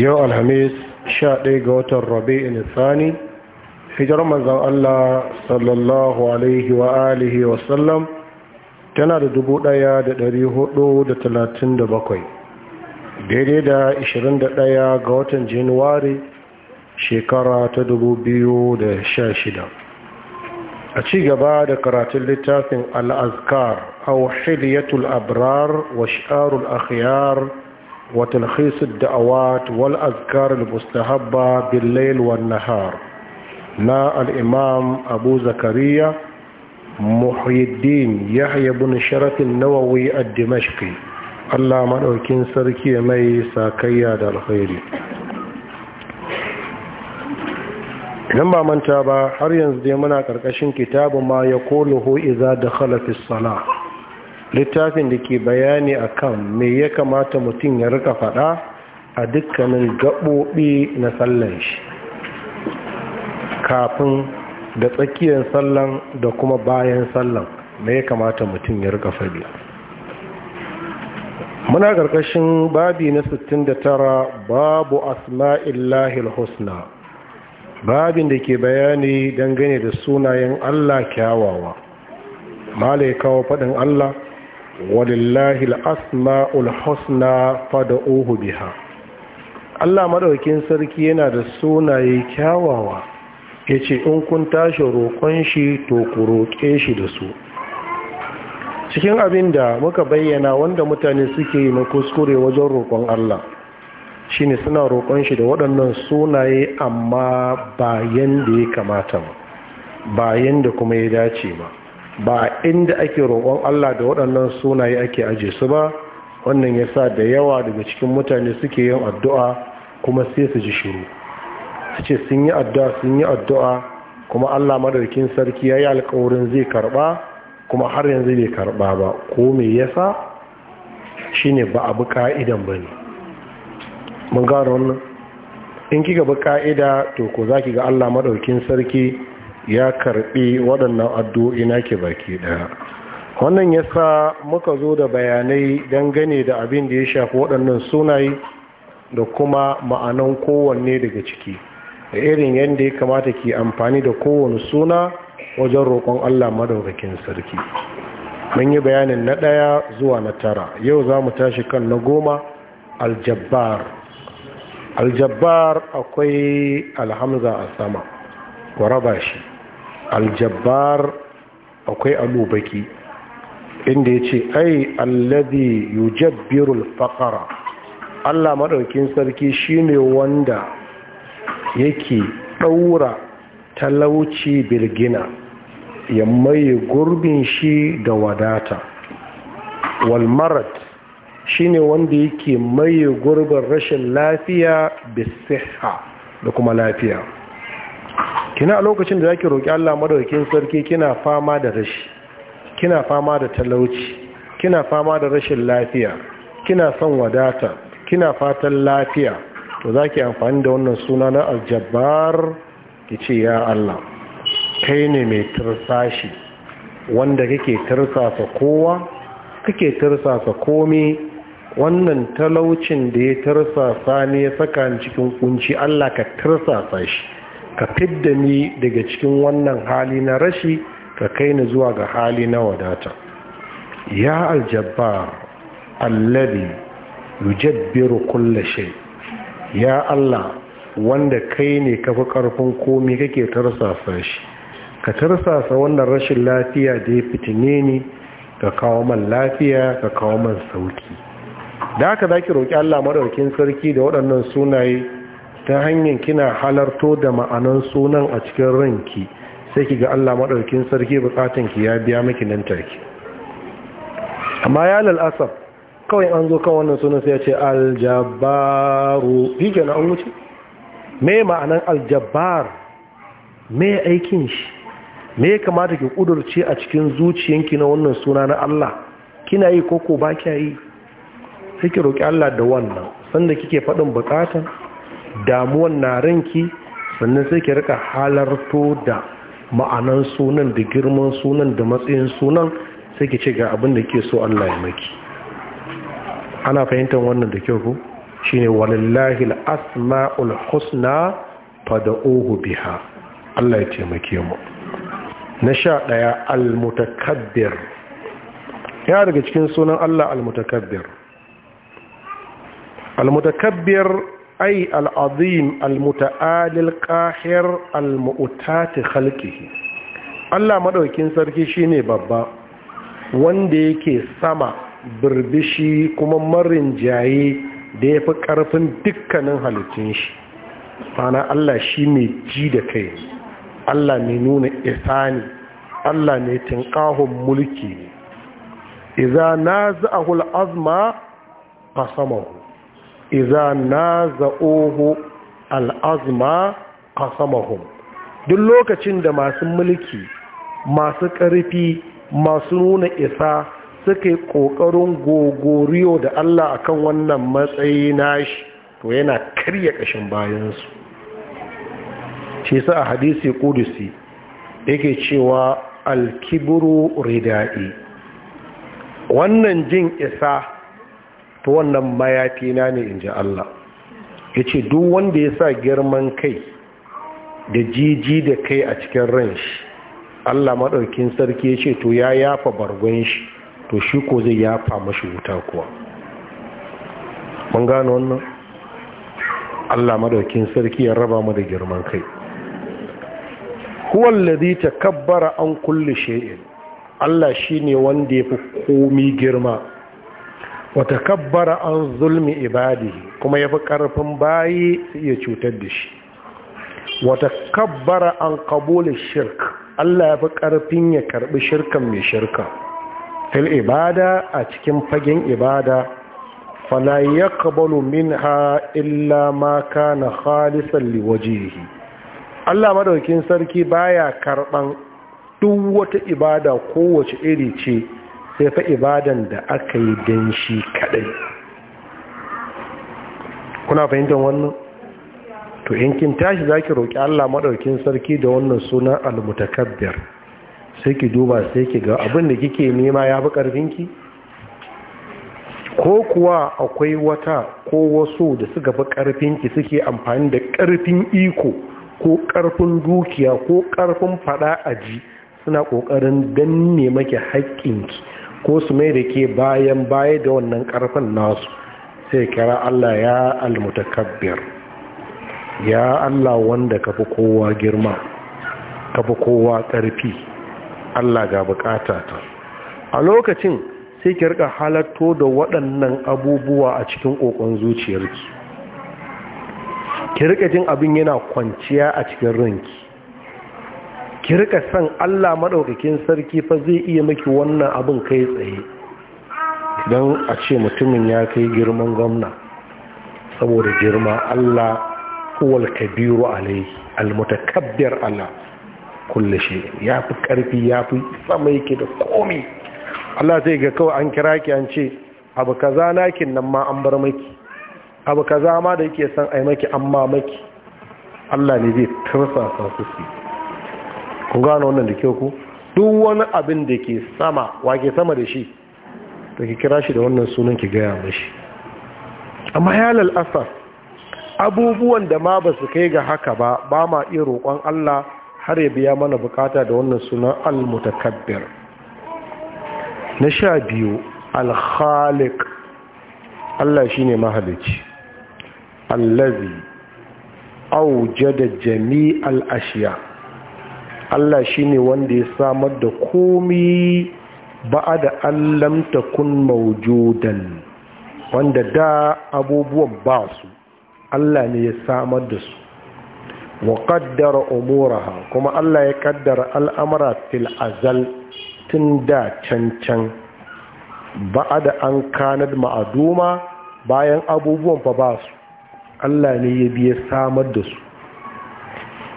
yau alhamis sha ɗaya ga watan rabi'in tsani hijirar manzan allah sallallahu alaihi wa alihi tana da dubu ɗaya da ɗari hudu da talatin da bakwai daidai da ishirin da ɗaya ga watan januwari shekara ta dubu biyu da sha shida a ci gaba da karatun littafin al'azkar a wahidiyatul abrar wa shi'arul akhyar وتلخيص الدعوات والأذكار المستحبة بالليل والنهار نا الإمام أبو زكريا محي الدين يحيى بن شرف النووي الدمشقي الله مدوكين سركي مي ساكيا دا الخير idan ba manta ba har yanzu dai muna karkashin kitabu ma ya koloho iza da khalafis sala littafin da ke bayani a kan me ya kamata mutum ya rika faɗa a dukkanin gaɓoɓi na sallan shi kafin da tsakiyar sallan da kuma bayan sallan me ya kamata mutum ya rika faɗi muna ƙarƙashin babi na 69 babu asma'illahil husna babin da ke bayani dangane da sunayen allah kyawawa mala ya kawo faɗin allah walillahi الاسماء husna فادعوه biha Allah مدوكين sarki yana da sunaye kyawawa yace in kun tashi roƙon shi to ku roƙe shi da su cikin abinda muka bayyana wanda mutane suke yi na kuskure wajen roƙon Allah shine suna roƙon shi da waɗannan sunaye amma bayan da ya kamata ba bayan da kuma ya dace ba ba inda ake roƙon Allah da waɗannan sunaye ake aje su ba wannan ya sa da yawa daga cikin mutane suke yin addu'a kuma sai su ji shiru su ce sun yi addu'a sun yi addu'a kuma Allah madarkin sarki ya yi alkawarin zai karɓa kuma har yanzu bai karɓa ba ko me yasa shine ba abu ka'idan ba ne mun gano wannan in kika bi ka'ida to ko za ki ga Allah maɗaukin sarki ya karɓi waɗannan addu'o'i nake baki ɗaya wannan ya sa muka zo da bayanai dangane da abin da ya shafi waɗannan sunaye da kuma ma'anan kowanne daga ciki da irin yadda ya kamata ke amfani da kowane suna wajen roƙon allah madaukakin sarki mun yi bayanin na ɗaya zuwa na tara yau za mu tashi kan na goma aljabbar aljabbar akwai alhamza a sama ku raba shi aljabbar akwai alubaki inda ya ce ai allazi yujabbirul faqara Allah maɗaukin sarki shine wanda yake ɗaura talauci bilgina ya maye gurbin shi da wadata walmarat shine wanda yake maye gurbin rashin lafiya bisiha da kuma lafiya kina a lokacin da zaki roki Allah madaukakin sarki kina fama da rashi kina fama da talauci kina fama da rashin lafiya kina son wadata kina fatan lafiya to zaki amfani da wannan suna na aljabbar kice ya Allah kai ne mai tursashi wanda kake tursasa kowa kake tursasa komai wannan talaucin da ya tursasa ne ya saka cikin kunci Allah ka tursasa shi ka fidda ni daga cikin wannan hali na rashi ka kai ni zuwa ga hali na wadata ya aljabbar allabi yujabbiru kulle shai. ya Allah wanda kai ne kafi karfin komai kake tarsasa shi ka tarsasa wannan rashin lafiya da ya fitine ni ka kawo man lafiya ka kawo man sauki da haka zaki roƙi Allah madaukakin sarki da waɗannan sunaye ta hanyar kina halarto da ma'anan sunan a cikin ranki sai ki ga Allah maɗaukin sarki bukatan ki ya biya maki nan take amma ya lalasab kawai an zo kan wannan sunan sai ya ce aljabaru yake na an wuce me ma'anan aljabar me aikin shi me ya kamata ki kudurce a cikin zuciyanki na wannan suna na Allah kina yi koko ba kya yi sai ki roki Allah da wannan sanda kike faɗin bukatan damuwan na ranki sannan sai ki rika halarto da ma'anan sunan da girman sunan da matsayin sunan sai ki ce ga abin da ke so Allah ya maki ana fahimtar wannan da kyau ko shine walillahi al-asma'ul husna fad'uhu biha Allah ya taimake mu na sha ɗaya al-mutakabbir ya daga cikin sunan Allah al-mutakabbir al-mutakabbir ai al'azim al-muta'alil qahir al ta halki. Allah maɗaukin sarki shine babba wanda yake sama birbishi kuma marin jaye da yafi ƙarfin dukkanin halittun shi mana Allah shi mai ji da kai Allah mai nuna isani Allah mai tinkahon mulki ne iza naza'ahu al-azma qasamahu iza na za'ohu al'azma qasamahum duk lokacin da masu mulki masu ƙarfi masu nuna isa suka yi ƙoƙarin gogoriyo da Allah akan wannan matsayi na shi, to yana karya ƙashin bayansu shi sa a hadisi ƙudusi yake cewa alkiburu rida'i wannan jin isa to wannan mayafi ne in ji Allah ya ce duk wanda ya sa girman kai da jiji da kai a cikin ran shi Allah maɗaukin sarki ya ce to ya yafa bargon shi to shi ko zai yafa mashi wuta kuwa mun gano wannan Allah maɗaukin sarki ya raba mu da girman kai huwa ta kabbara an kulle shi'in Allah shi ne wanda ya fi komi girma watakabbara an zulmi ibadi kuma ya fi ƙarfin bayi su iya cutar da shi watakabbara an kabula shirk allah ya fi ƙarfin ya karɓi shirkan mai shirka fil ibada a cikin fagen ibada fala ya kabalu min ha illa ma kana khalisan liwajihi allah madaukin sarki baya karɓan duk wata ibada kowace iri ce sai fa ibadan da aka yi don shi kaɗai kuna fahimtar wannan to yankin tashi za ki roƙi allah maɗaukin sarki da wannan sunan almutakabbir sai ki duba sai ki ga abin da kike nema ya fi ƙarfinki ko kuwa akwai wata ko wasu da suka fi ƙarfinki suke amfani da ƙarfin iko ko ƙarfin dukiya ko ƙarfin faɗa ji suna ƙoƙarin danne maki haƙƙinki ko su mai da ke bayan baya da wannan karfin nasu sai kira Allah ya almutakabbir ya Allah wanda ka kowa girma ka kowa ƙarfi Allah ga bukata ta a lokacin sai ki rika halatto da waɗannan abubuwa a cikin ƙoƙon zuciyarki ki rika jin abin yana kwanciya a cikin ranki ki rika san Allah maɗaukakin sarki fa zai iya maki wannan abin kai tsaye don a ce mutumin ya kai girman gwamna saboda girma Allah huwal kabiru alai almutakabbir Allah kulle shi ya fi karfi ya fi sama yake da komi Allah zai ga kawai an kira ki an ce abu kaza nakin nan ma an bar maki abu kaza ma da yake son ai maki amma maki Allah ne zai tursasa su su kun gano wannan da kyau ku duk wani abin da ke sama wake sama da shi da ke kira shi da wannan sunan ki gaya mashi amma halal asar abubuwan da ma ba su kai ga haka ba ba ma iya roƙon Allah har ya biya mana bukata da wannan sunan al-mutakabbir na sha biyu al-khaliq Allah shine mahalici allazi aujada jami'al ashiya Allah shi ne wanda ya samar da komi ba'a da allamta kun maujudan wanda da abubuwan ba su Allah ne ya samar da su wa qaddara umuraha kuma Allah ya kaddara al'amara fil azal tun da cancan, can ba'a da an kanar ma'aduma bayan abubuwan ba ba su Allah ne ya biya samar da su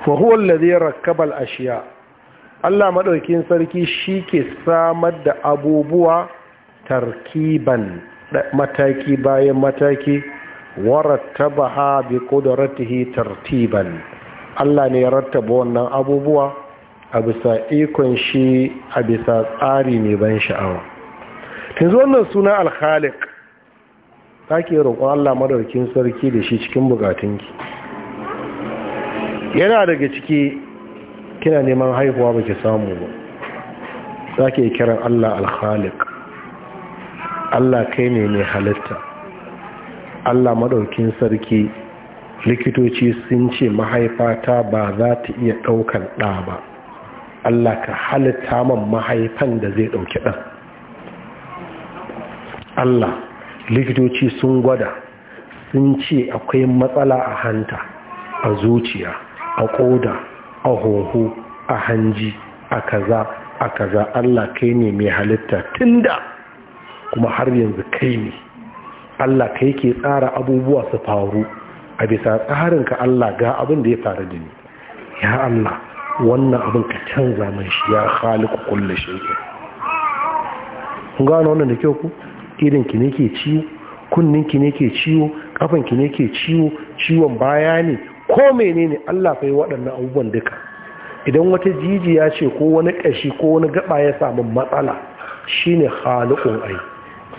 fa da zai rakkaba a ashiya Allah maɗaukin sarki shi ke samar da abubuwa tarkiban mataki bayan mataki ha bi qudratihi tartiban Allah ne ya rattaba wannan abubuwa a bisa ikon shi a bisa tsari mai ban sha'awa yanzu wannan suna ta ke roƙon Allah maɗaukin sarki da shi cikin bukatunki yana daga ciki kina neman haihuwa ba ki samu ba za ki kiran Allah alkhalik Allah kai ne mai halitta Allah maɗaukin sarki likitoci sun ce mahaifata ba za ta iya ɗaukar ɗa ba Allah ka halitta man mahaifan da zai ɗauki ɗan Allah likitoci sun gwada sun ce akwai matsala a hanta a zuciya a ƙoda a hoho a hanji a kaza a kaza Allah kai ne mai halitta tunda kuma har yanzu kai ne Allah kai ke tsara abubuwa su faru a bisa ka Allah ga abin da ya faru da ni ya Allah wannan abin ka canza mai shi ya khaliku kullu shay'in kun gano wannan da kyau ku irin ki ne ke ciwo kunnin ki ne ke ciwo kafan ki ne ke ciwo ciwon baya ne ko menene Allah fa yi waɗannan abubuwan duka idan wata jijiya ce ko wani ƙashi ko wani gaba ya samu matsala shine khaliqun ai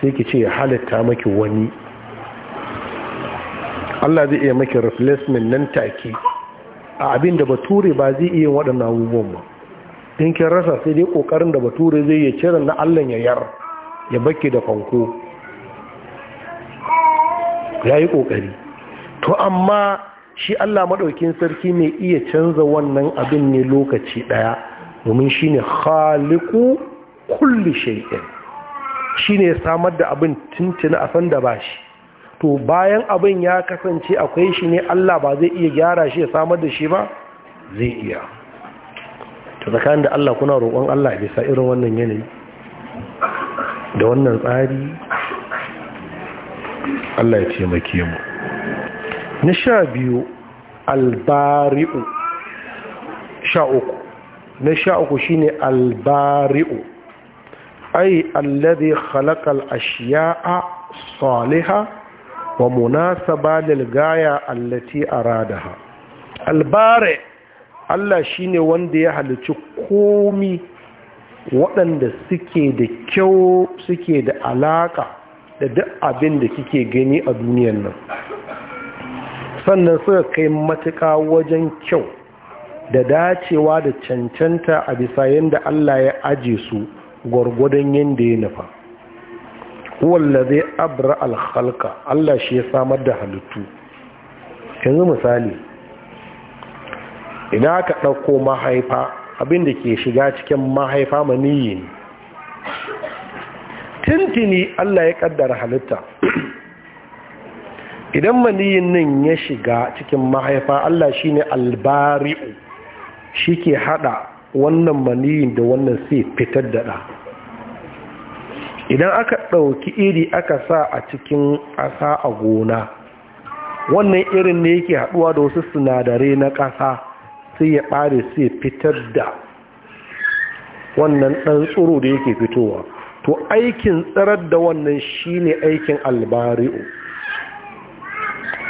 sai ki ce halitta maki wani Allah zai iya maki replacement nan take a abin da bature ba zai iya waɗannan abubuwan ba in kin rasa sai dai kokarin da bature zai ya cire na Allah ya yar ya baki da fanko yayi ƙoƙari to amma shi Allah maɗaukin sarki mai iya canza wannan abin ne lokaci ɗaya domin shi ne haliku kulli shay'in shi ne samar da abin tuntuni a sanda ba shi to bayan abin ya kasance akwai shi ne Allah ba zai iya gyara shi ya samar da shi ba zai iya ta tsakanin da Allah kuna roƙon Allah bisa irin wannan yanayi da wannan tsari Allah ya taimake mu na sha biyu albari'u sha uku na sha uku shine albari'u ai alladhi khalaqal ashiya'a saliha wa munasaba lil gaya allati aradaha albari Allah shine wanda ya halici komi waɗanda suke da kyau suke da alaka da duk abin da kike gani a duniyar nan sannan suka kai matuka wajen kyau da dacewa da cancanta a bisa yadda Allah ya aje su gwargwadon yadda ya nufa zai abra alhalka Allah shi ya samar da halittu yanzu misali idan ka ɗauko mahaifa abinda ke shiga cikin mahaifa maniyi ne Tintini Allah ya ƙaddara halitta idan maniyin nan ya shiga cikin mahaifa Allah shine albari'u shike hada wannan maniyin da wannan sai fitar da da idan aka ɗauki iri aka sa a cikin ƙasa a gona wannan irin ne yake haɗuwa da wasu sinadarai na ƙasa sai ya bare sai fitar da wannan ɗan tsoro da yake fitowa to aikin tsarar da wannan shine aikin albari'u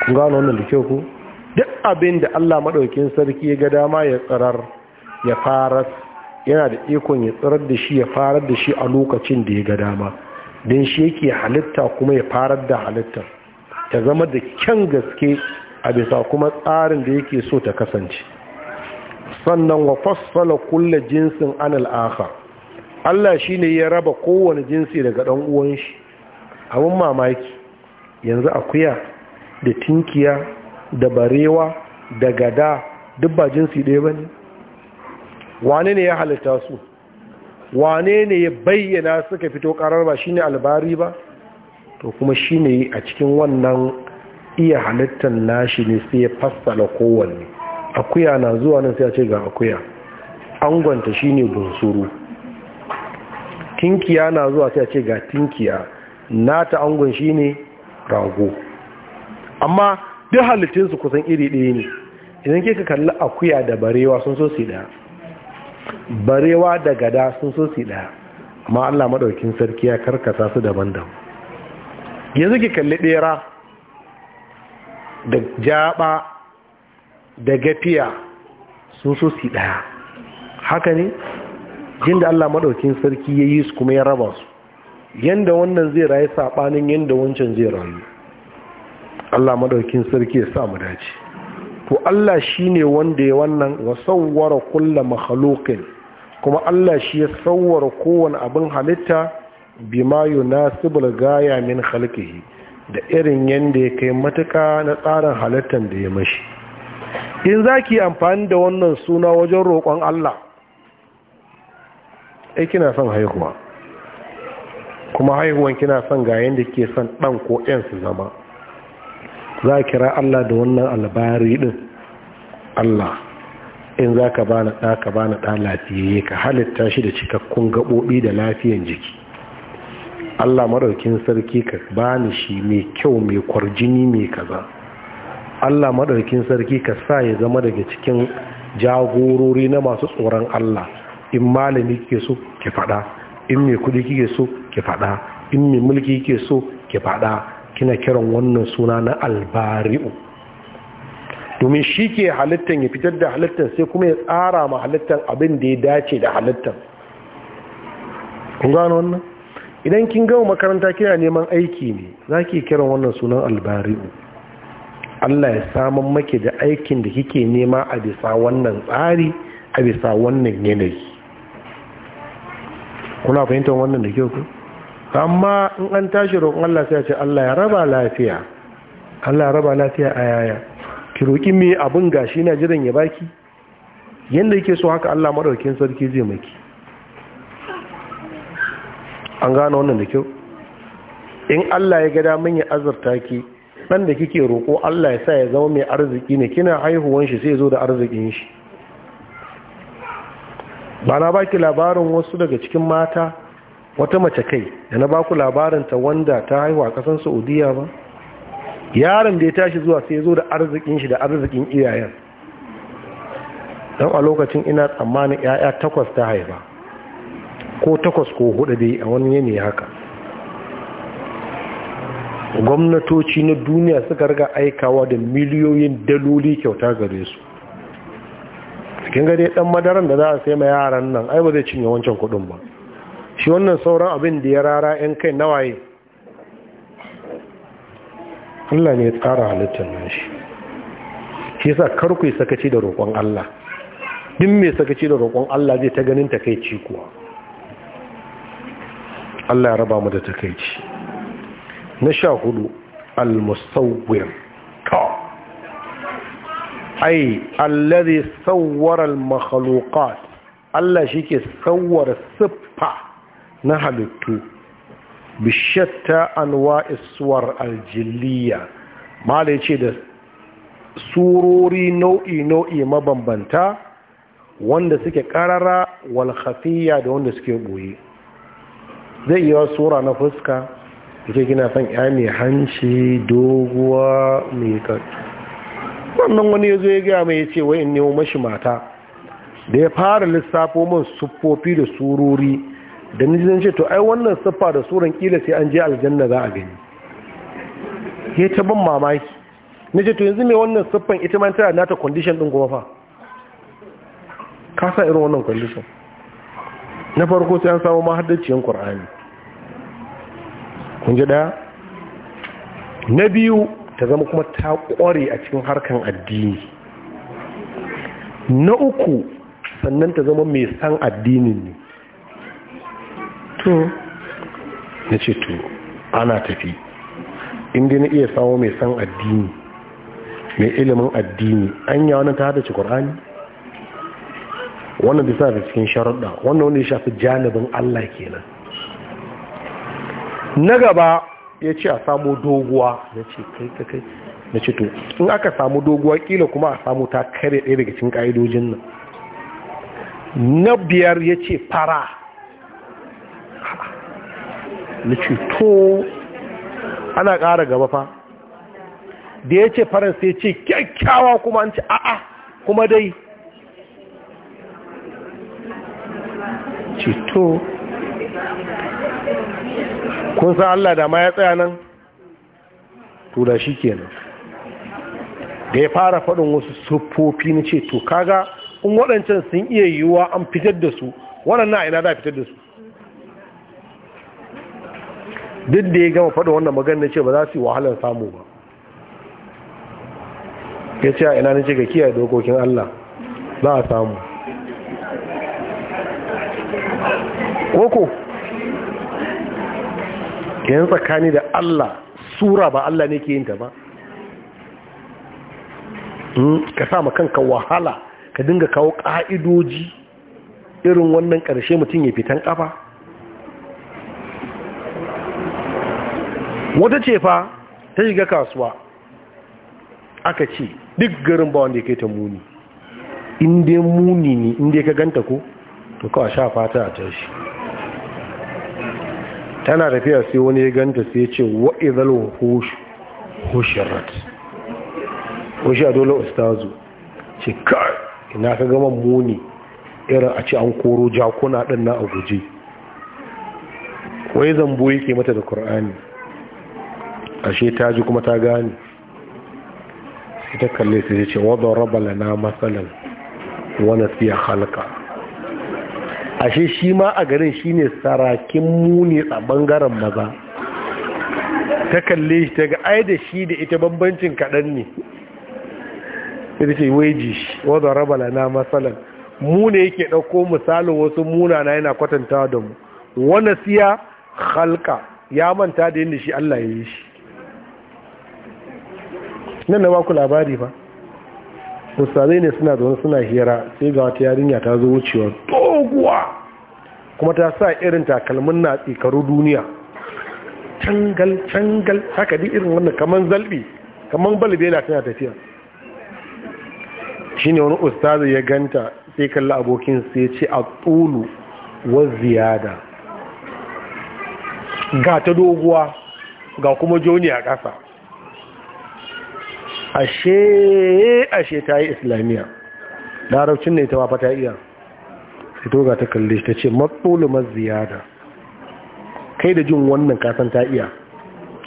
kun gano wannan da kyau ku duk abin da Allah maɗaukin sarki ya ga dama ya tsirar ya farar yana da ikon ya tsirar da shi ya farar da shi a lokacin da ya ga dama don shi yake halitta kuma ya farar da halitta ta zama da kyan gaske a bisa kuma tsarin da yake so ta kasance sannan wa fassala kulla jinsin anal akhar Allah shi ne ya raba kowane jinsi daga ɗan uwan shi abin mamaki yanzu akuya da tinkiya da barewa da gada duk ba jinsi ɗaya ba ne wane ne ya halitta su wane ne ya bayyana suka fito karar ba shine albari ba to kuma shine a cikin wannan iya halittar nashi ne sai ya fassala kowanne akuya na zuwa nan sai a ce ga akuya angonta shine bunsuru tinkiya na zuwa sai a ce ga tinkiya nata angon shine rago amma duk halittunsu kusan iri ɗaya ne idan ke ka kalli akuya da barewa sun so su ɗaya barewa da gada sun so su ɗaya amma allah maɗaukin sarki ya karkasa su daban-daban yanzu ke kalli ɗera da jaɓa da gafiya sun so su ɗaya haka ne jin da allah maɗaukin sarki ya yi su kuma ya raba su yanda wannan zai rayu saɓanin yanda wancan zai rayu Allah madaukin sarki ya sa mu dace to Allah shine wanda ya wannan wa sawwara kullu makhluqin kuma Allah shi ya sawwara kowane abin halitta bima yunasibul gaya min khalqihi da irin yanda ya kai matuka na tsarin halittar da ya mashi in zaki amfani da wannan suna wajen roƙon Allah ai kina son haihuwa kuma haihuwan kina son ga yanda ke son dan ko yan su zama za a kira Allah da wannan albari din Allah in za ka bani ɗa ka bani ɗa lafiyayye ka halitta shi da cikakkun gaɓoɓi da lafiyan jiki Allah maɗaukin sarki ka bani shi mai kyau mai kwarjini mai kaza Allah maɗaukin sarki ka sa ya zama daga cikin jagorori na masu tsoron Allah in malami ke so ki faɗa in mai kuɗi kike so ki faɗa in mai mulki kike so ki faɗa kina kiran wannan suna na albari'u domin shi ke halittar ya fitar da halittar sai kuma ya tsara ma halittar abin da ya dace da halittar kun gano wannan idan kin gama makaranta kina neman aiki ne za ki kiran wannan sunan albari'u Allah ya saman maki da aikin da kike nema a bisa wannan tsari a bisa wannan yanayi kuna fahimtar wannan da kyau ku amma in an tashi roƙon Allah sai ce Allah ya raba lafiya Allah ya raba lafiya a yaya ki roƙi me abin gashi na jiran ya baki yanda yake so haka Allah madaukakin sarki zai maki an gano wannan da kyau in Allah ya gada min ya azurta ki dan da kike roƙo Allah ya sa ya zama mai arziki ne kina haihuwan shi sai zo da arzikin shi ba na baki labarin wasu daga cikin mata wata mace kai da na baku labarinta wanda ta haihuwa kasan saudiya ba yaron da ya tashi zuwa sai zo da arzikin shi da arzikin iyayen don a lokacin ina tsammanin 'ya'ya takwas ta haifa ko takwas ko hudu dai a wani yanayi haka gwamnatoci na duniya suka riga aikawa da miliyoyin daloli kyauta gare su cikin gade dan madaran da za a sai ma yaran nan ai ba zai cinye wancan kudin ba shi wannan sauran abin da ya rara 'yan kai nawaye Allah ne ya tsara halittar nan shi shi sa karku yi sakaci da roƙon Allah din mai sakaci da roƙon Allah zai ta ganin takaici kuwa Allah ya raba mu da takaici na sha hudu al-musawwir ai allazi sawwara al Allah shi ke sawwara siffa na halittu bishatta anwa iswar aljiliya mala ce da surori nau'i-nau'i mabambanta wanda suke karara walhafiya da wanda suke boye zai yi sura na fuska yake gina son ya mai hanci doguwa mai kakki wannan wani ya zo ya gaya mai ya ce wa'in nemo mashi mata da ya fara lissafo min siffofi da surori da ni zan ce to ai wannan siffa da suran kila sai an je aljanna za a gani ya ta ban mamaki na ce to yanzu mai wannan siffan ita man tana nata condition din kuma fa ka sa irin wannan condition na farko sai an samu yin qur'ani kun ji daya na biyu ta zama kuma ta kware a cikin harkan addini na uku sannan ta zama mai san addinin ne to na ce to ana tafi inda na iya samu mai san addini mai ilimin addini an yi wani ta hada ci ƙorani wannan bisa da cikin sharaɗa wannan wani shafi janibin allah kenan na gaba ya ce a samu doguwa na ce kai kai na ce to in aka samu doguwa kila kuma a samu ta kare ɗaya daga cikin ƙa'idojin nan na biyar ya ce fara na ce to ana kara gaba fa da ya ce faransa ya ce kyakkyawa kuma an ce a'a kuma dai ce kun san Allah da ma ya tsaya nan tura shi kenan da ya fara faɗin wasu sufofi na ce to kaga in waɗancan sun iya yiwuwa an fitar da su waɗannan a ina za a fitar da su duk da ya gama faɗa wannan maganar ce ba za su yi wahalar samu ba ya ce a ina ce ga kiyaye dokokin Allah za a samu koko yan tsakani da Allah sura ba Allah ne ke yin ta ba hmm? ka sa ka wahala ka dinga kawo ƙa'idoji irin wannan ƙarshe mutum ya fitan kafa? wata ce fa ta shiga kasuwa aka ce duk garin ba wanda ya kai ta muni inda muni ne inda ka ganta ko to kawai sha fata a tashi tana tafiya sai wani ya ganta sai ya ce wa'izal hushirat hushi a dole ustazu ce kai ina ka gama muni irin a ce an koro jakuna ɗin na a guje wai zambo yake mata da Kur'ani. ashe ta ji kuma ta gane ita ta kalle su ce wadda raba lana matsalan wani siya halka ashe shi ma a garin shi ne sarakin muni a bangaren maza ta kalle shi ta ga ai da shi da ita bambancin kaɗan ne ita ce waji shi wadda raba lana matsalan muni yake ɗauko misalin wasu munana yana kwatantawa da mu wani siya halka ya manta da yin da shi Allah ya yi shi nan na baku labari ba ustazai ne suna zaune suna hira sai ga wata yarinya ta zo wucewa doguwa kuma ta sa irin takalmin na tsikaru duniya cangal cangal haka di irin wannan kaman zalbi kaman balbe na tana tafiya shine wani ustazi ya ganta sai kalla abokin sai ce a tsulu wa ziyada ga ta doguwa ga kuma joni a ƙasa ashe ashe ta yi islamiyya larabcin ne ta wafa ta iya sai toga ta kalle ta ce matsolumar ziyada kai da jin wannan kasan ta iya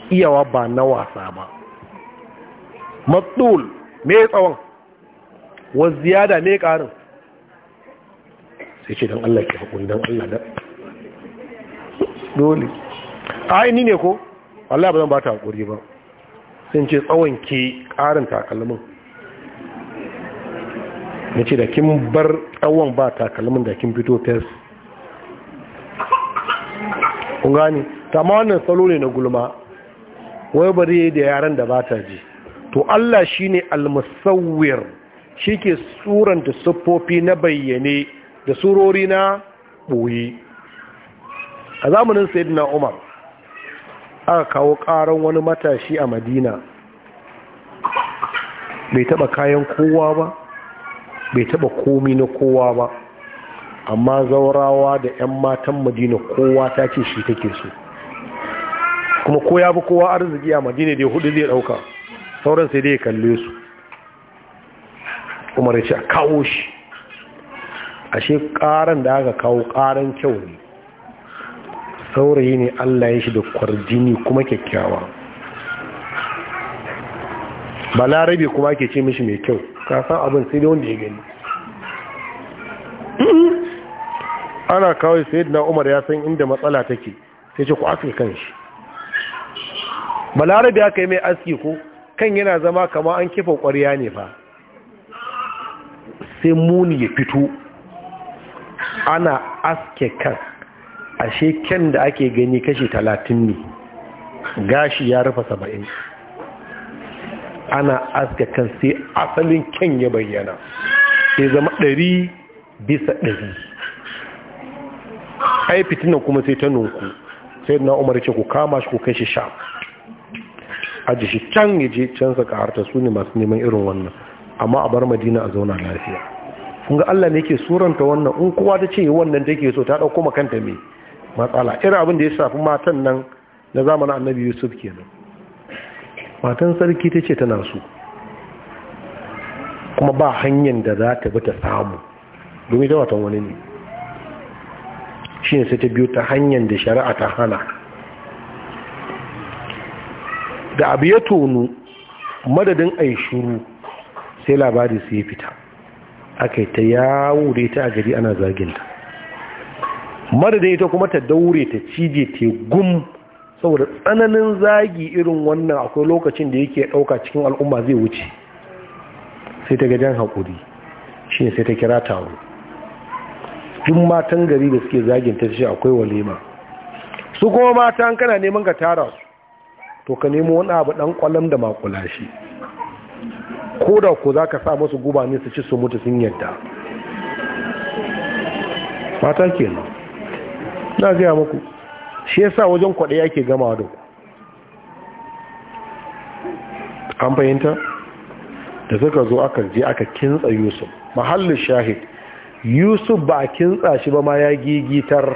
iyawa ba na wasa ba matsol mai tsawon wa ziyada mai karin sai ce don allah ke haƙuri don allah da dole a ni ne ko allah ba zan ba ta haƙuri ba sun ce tsawon ke karin takalmin na ce da kin bar tsawon ba takalmin da kin fito fes kun gani ma salo ne na gulma wai bari da yaran da ba ta ji to Allah shi ne shine shi ke suranta siffofi na bayyane da surori na boye a zamanin na Umar aka kawo ƙaran wani matashi a madina bai taɓa kayan kowa ba bai taɓa komi na kowa ba amma zaurawa da 'yan matan madina kowa ta ce shi take so kuma ko ya fi kowa arziki a madina da hudu zai ɗauka sauran sai dai kalle su umar ce a kawo shi ashe ƙaran da aka kawo ƙaran kyau ne saurayi ne Allah ya shi da kwarjini kuma kyakkyawa balarabe kuma ke ce mishi mai kyau kasan abin sai da wanda ya gani mm-hmm. ana kawai sai da umar ya san inda matsala take sai ce ku aske kan shi balarabe aka yi mai aski ko kan yana zama kama an kifa ƙwarya ne fa sai muni ya fito ana aske kan ashe kyan da ake gani kashi talatin ne gashi ya rufa saba'in ana aska kan sai asalin kyan ya bayyana sai zama ɗari bisa ɗari ai fitinan kuma sai ta nunku sai na umar ce ku kama shi ku kai sha aji shi can ya je can ka harta su ne masu neman irin wannan amma a bar madina a zauna lafiya kun ga Allah ne yake suranta wannan in kowa ta ce wannan take so ta dauko makanta me matsala irin abin da ya shafi matan nan na zamanin annabi yusuf kenan matan sarki ta ce tana su kuma ba hanyar da za ta bi ta samu domin ita watan wani ne shi ne sai ta biyo ta hanyar da shari'a ta hana da abu ya tonu madadin ai shuru sai labari su ya fita aka yi ta yawo da ita a gari ana zaginta madadin ita kuma ta daure ta cije ta gum saboda tsananin zagi irin wannan akwai lokacin da yake ɗauka cikin al'umma zai wuce sai ta gajen haƙuri shi ne sai ta kira taro duk matan gari da suke zagin ta ce akwai walima su kuma matan kana neman ka tara su to ka nemo wani abu dan kwallon da makula shi ko da ku za ka sa masu guba ne su ci su mutu sun yadda mata kenan na gaya muku shi yasa wajen kwaɗe yake gama da ku an fahimta da suka zo aka je aka kintsa yusuf mahallin shahid yusuf ba a kintsa shi ba ma ya gigitar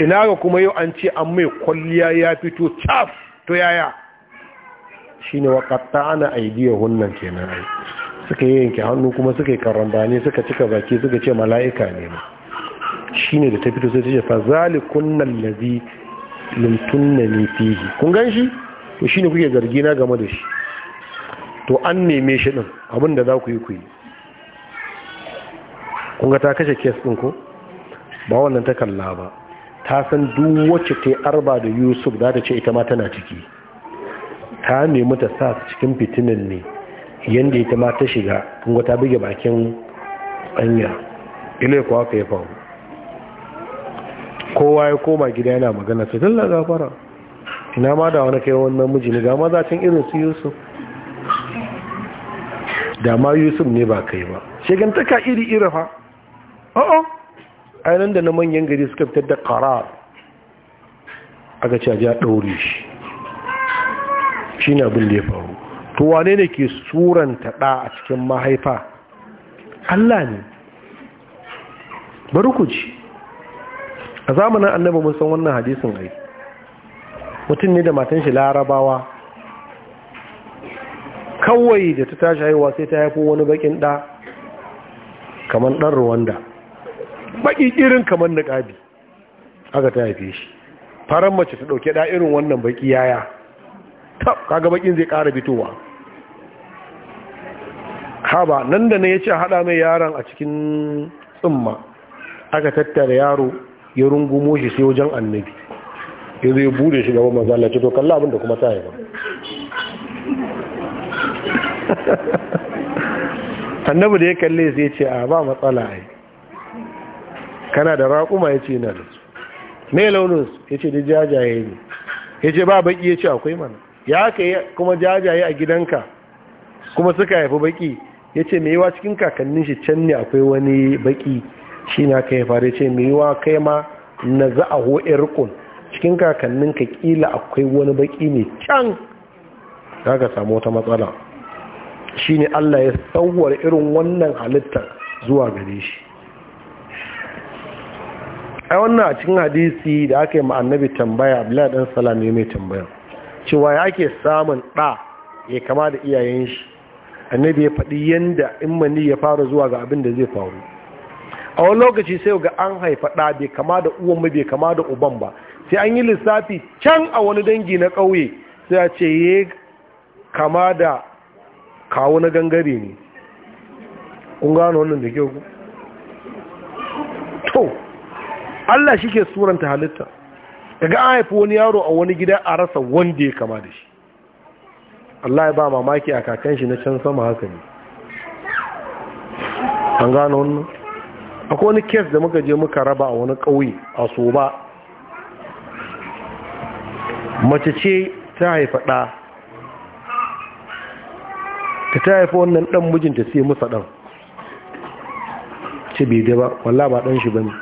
ina ga kuma yau an ce an mai kwalliya ya fito caf to yaya shi ne wakatta ana aidiya hunan kenan ai suka yi yanke hannu kuma suka yi karambani suka cika baki suka ce mala'ika ne ma Shi ne da ta fito sai ta ce fa zalikun allazi lumtunnani fihi kun gan shi to ne kuke zargi na game da shi to an neme shi din abin da za ku yi ku yi kun ga ta kashe kes din ko ba wannan ta kalla ba ta san duk wacce ta arba da Yusuf za ta ce ita ma tana ciki ta nemi ta sa cikin fitinan ne yadda ita ma ta shiga kun ta buge bakin hanya ilai kuwa ka yi faru kowa ya koma gida yana magana sai dalla gafara ina ma da wani kai wannan miji ne ga maza cin irin su yusuf da ma yusuf ne ba kai ba shigantaka iri iri fa a'a ainihin da na manyan gari suka fitar da kara aka caji a ɗaure shi shi ne abin da ya faru to wane ne ke suranta ɗa a cikin mahaifa allah ne bari ku ji a zamanin annabi mun san wannan hadisin ai mutum ne da matan shi larabawa kawai da ta tashi haihuwa sai ta haifo wani bakin ɗa kamar ɗan ruwanda baki irin kamar niƙabi aka ta haife shi faran mace ta ɗauke da irin wannan baki yaya ta kaga bakin zai ƙara fitowa haba nan da na ya ce haɗa mai yaron a cikin tsumma aka tattara yaro ya rungumo shi sai wajen annabi ya zai bude shi gaba manzo ce to kalla abin da kuma ta haifa annabi da ya kalle sai ce a ba matsala ai kana da raƙuma ya ce yana da su me launus ya ce da jajaye ne ya ce ba baki ya ce akwai mana ya ka yi kuma jajaye a gidanka kuma suka haifi baki ya ce mai yawa cikin kakannin shi can ne akwai wani baki shi na yi fara ce mai yiwa kai ma na za'aho irkun cikin kakannin ka kila akwai wani baki ne can ka samu wata matsala shi ne Allah ya tsawar irin wannan halittar zuwa gare shi a wannan a cikin hadisi da aka yi ma'annabi tambaya abdullahi dan salam ne mai tambaya cewa ya ke samun ɗa ya kama da iyayen shi annabi ya faɗi yanda in mani ya fara zuwa ga abin da zai faru a wani lokaci sai ga an haifa ɗa bai kama da uwan mai bai kama da uban ba sai an yi lissafi can a wani dangi na ƙauye sai a ce ya kama da kawo na gangare ne kun gano wannan da kyau to Allah shi ke suranta halitta daga an haifi wani yaro a wani gida a rasa wanda ya kama da shi Allah ya ba mamaki a kakanshi na can sama haka ne an gano wannan akwai wani kes da muka je muka raba a wani ƙauye a so ba mace ce ta haifa ɗa ta ta haifa wannan ɗan mijinta sai musa ɗan ce bai dai ba wallah ba ɗan shi ba ne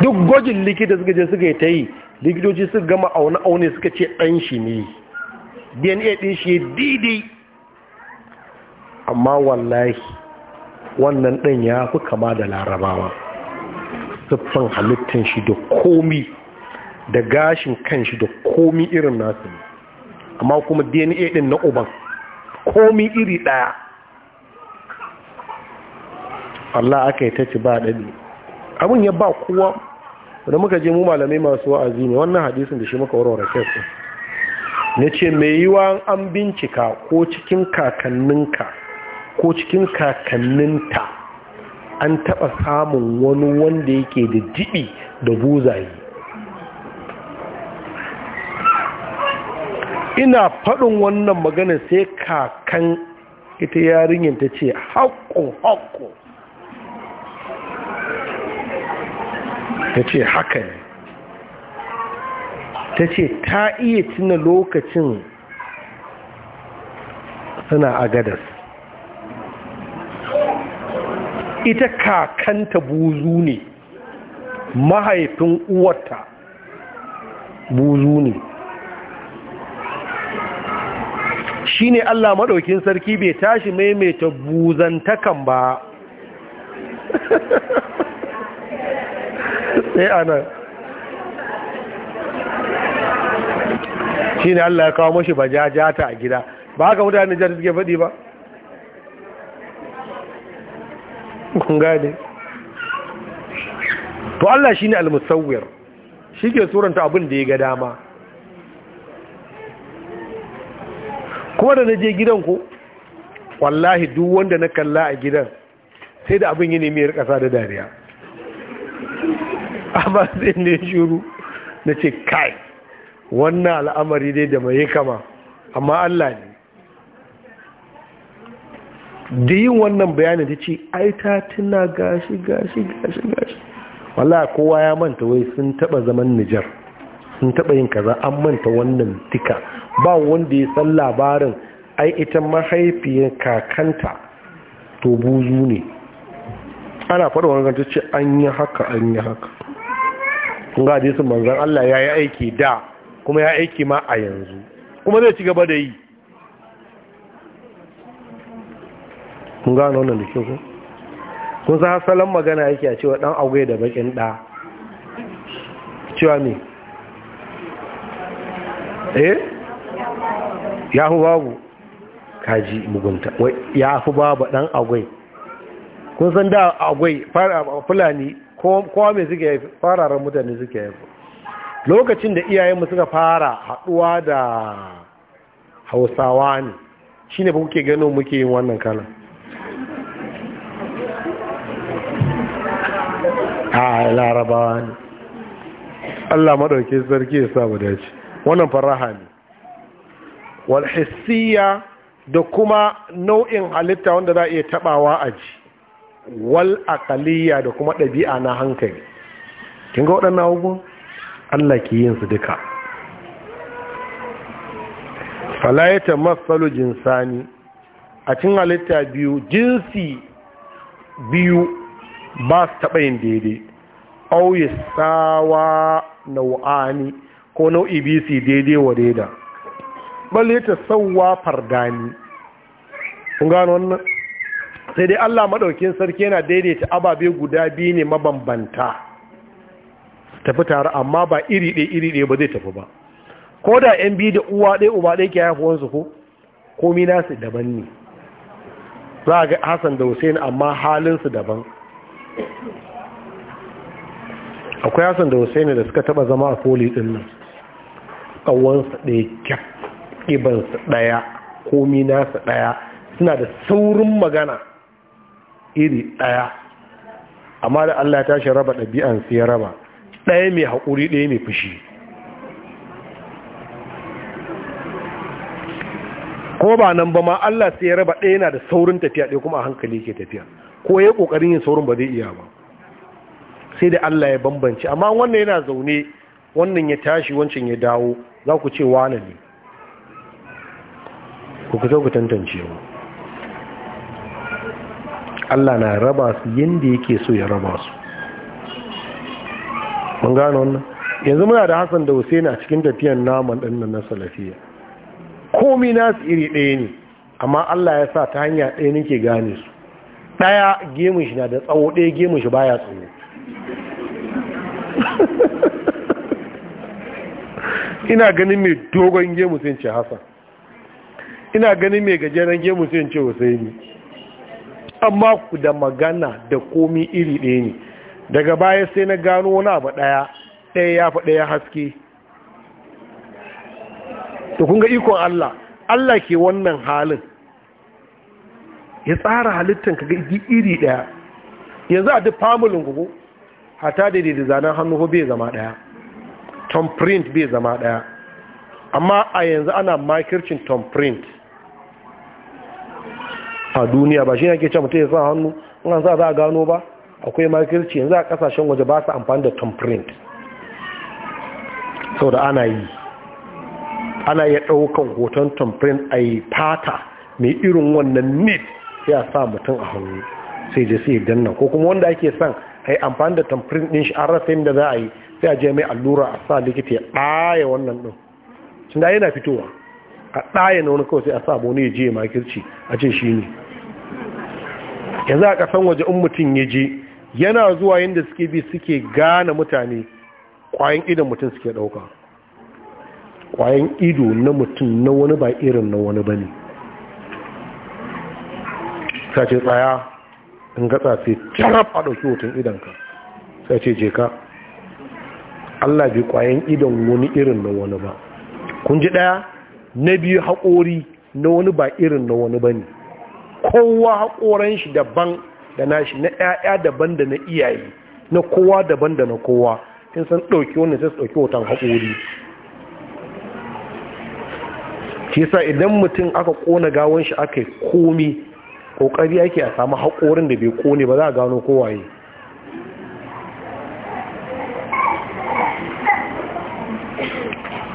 duk gwajin likita suka je suka yi ta yi likitoci suka gama wani aune suka ce ɗan shi ne dna ɗin shi daidai amma wallahi wannan ɗin ya fi kama da larabawa siffan halittar shi da komi da gashin kan shi da komi irin nasu ne amma kuma dna ɗin na uban komi iri ɗaya Allah aka yi ta ci ba ɗani abin ya ba kowa da muka je mu malamai masu wa'azi ne wannan hadisin da shi muka warware kesu na ce mai yiwa an bincika ko cikin kakanninka ko cikin kakanninta an taɓa samun wani wanda yake da jibi da buzayi ina faɗin wannan magana sai kakan ita yarinyar ta ce haƙo haƙo ta ce haka ne ta ce ta iya tuna lokacin suna agadas ita kakanta buzu ne mahaifin uwarta buzu ne shi ne Allah maɗaukin sarki bai tashi maimaita buzantakan ba sai anan shi ne Allah ya kawo mashi bajajata a gida ba haka mutane jar suke faɗi ba kun gane to Allah shine al-musawwir shike suranta abin da ya ga dama kuma da naje gidan ku wallahi duk wanda na kalla a gidan sai da abin ya nemi ya da dariya amma sai ne shiru na ce kai wannan al'amari dai da mai kama amma Allah ne da yin wannan bayanin ta ce ai ta tuna gashi gashi gashi gashi wala kowa ya manta wai sun taba zaman nijar sun taba yin kaza an manta wannan tika ba wanda ya san labarin ai ita mahaifiyar kakanta to buzu ne ana faɗa wani ganta ce an yi haka an yi haka kun ga su manzon Allah ya yi aiki da kuma ya aiki ma a yanzu kuma zai ci gaba da yi kun gano wannan da kyau kun san hasalan magana yake a cewa dan agwai da bakin da cewa ne eh yahu babu kaji mugunta wai yahu babu dan agwai kun san da agwai fulani kowa mai suke haifi fararen mutane suke haifi lokacin da iyayenmu suka fara haduwa da hausawa ne shine ba kuke gano muke yin wannan kalan a larabawa ne Allah maɗauki sarki ya sa dace wannan faraha ne walhissiya da kuma nau'in halitta wanda za a iya taɓawa a ji wal akaliya da kuma ɗabi'a na hankali kin ga waɗannan hukun Allah ki yin su duka fala ya jinsani a cin halitta biyu jinsi biyu ba su taɓa yin daidai auye sawa nau'ani ko nau'i bc daidai wa daida balle ta sauwa fardani kun gano wannan sai dai allah maɗaukin sarki yana daidaita ababe guda biyu ne mabambanta tafi tare amma ba iri ɗaya iri ɗaya ba zai tafi ba ko da yan biyu da uwa ɗaya uba ɗaya ke su ko komi nasu daban ne za a ga hassan da hussein amma halinsu daban akwai hassan da hussaini da suka taba zama a foli din nan ƙawansa ɗaya kyak ibansa ɗaya komi nasa ɗaya suna da saurin magana iri ɗaya amma da allah ta shi raba ɗabi'ansu ya raba ɗaya mai haƙuri ɗaya mai fushi ko ba nan ba ma Allah sai ya raba ɗaya yana da saurin tafiya ɗaya kuma a hankali ke tafiya ko ya kokarin yin saurin ba zai iya ba sai da Allah ya bambance amma wannan yana zaune wannan ya tashi wancan ya dawo za ku ce wane ne ku ku ku tantance wa Allah na raba su yadda yake so ya raba su mun gano wannan yanzu muna da Hassan da Hussein a cikin tafiyan naman ɗan nan na salafiya komi nasu iri ɗaya ne amma Allah ya sa ta hanya ɗaya nake gane su ɗaya gemun shi na da tsawo ɗaya gemun shi baya tsawo ina ganin mai dogon gemun sai ce Hassan. ina ganin mai gajeren gemun sai ce ne amma ku da magana da komi iri ɗaya ne daga baya sai na gano wani abu ɗaya ɗaya ya fi daya haske to kun ga ikon Allah Allah ke wannan halin ya tsara halittar ka iri daya yanzu a duk famulin gugu hata da da zanen hannu bai zama daya tom print bai zama daya amma a yanzu ana makircin tom print a duniya ba shi yake can mutum ya sa hannu in sa za a gano ba akwai makirci yanzu a kasashen waje ba su amfani da tom print sau da ana yi ana ya ɗaukan hoton tom print a yi fata mai irin wannan need sai a sa mutum a hannu sai je sai danna ko kuma wanda ake son a yi amfani da tamfirin ɗin shi an rasa da za a yi sai a je mai allura a sa likita ya ɗaya wannan ɗin tun yana fitowa a ɗaya na wani kawai sai a sa wani ya je ya makirci a ce shi ne yanzu a ƙasan waje in mutum ya je yana zuwa yadda suke bi suke gane mutane ƙwayan idon mutum suke ɗauka ƙwayan ido na mutum na wani ba irin na wani ba ne sai ce tsaya in gatsa sai carab a ɗauki hoton idanka sai ce je ka Allah bai kwayan idan wani irin na wani ba kun ji ɗaya na biyu haƙori na wani ba irin na wani ba ne kowa haƙoran shi daban da nashi na 'ya'ya daban da na iyaye na kowa daban da na kowa in san ɗauki wani sai su ɗauki hoton haƙori ke sa idan mutum aka ƙona gawon shi aka yi komi kokari ake a samu haƙorin da bai kone ba za a gano kowaye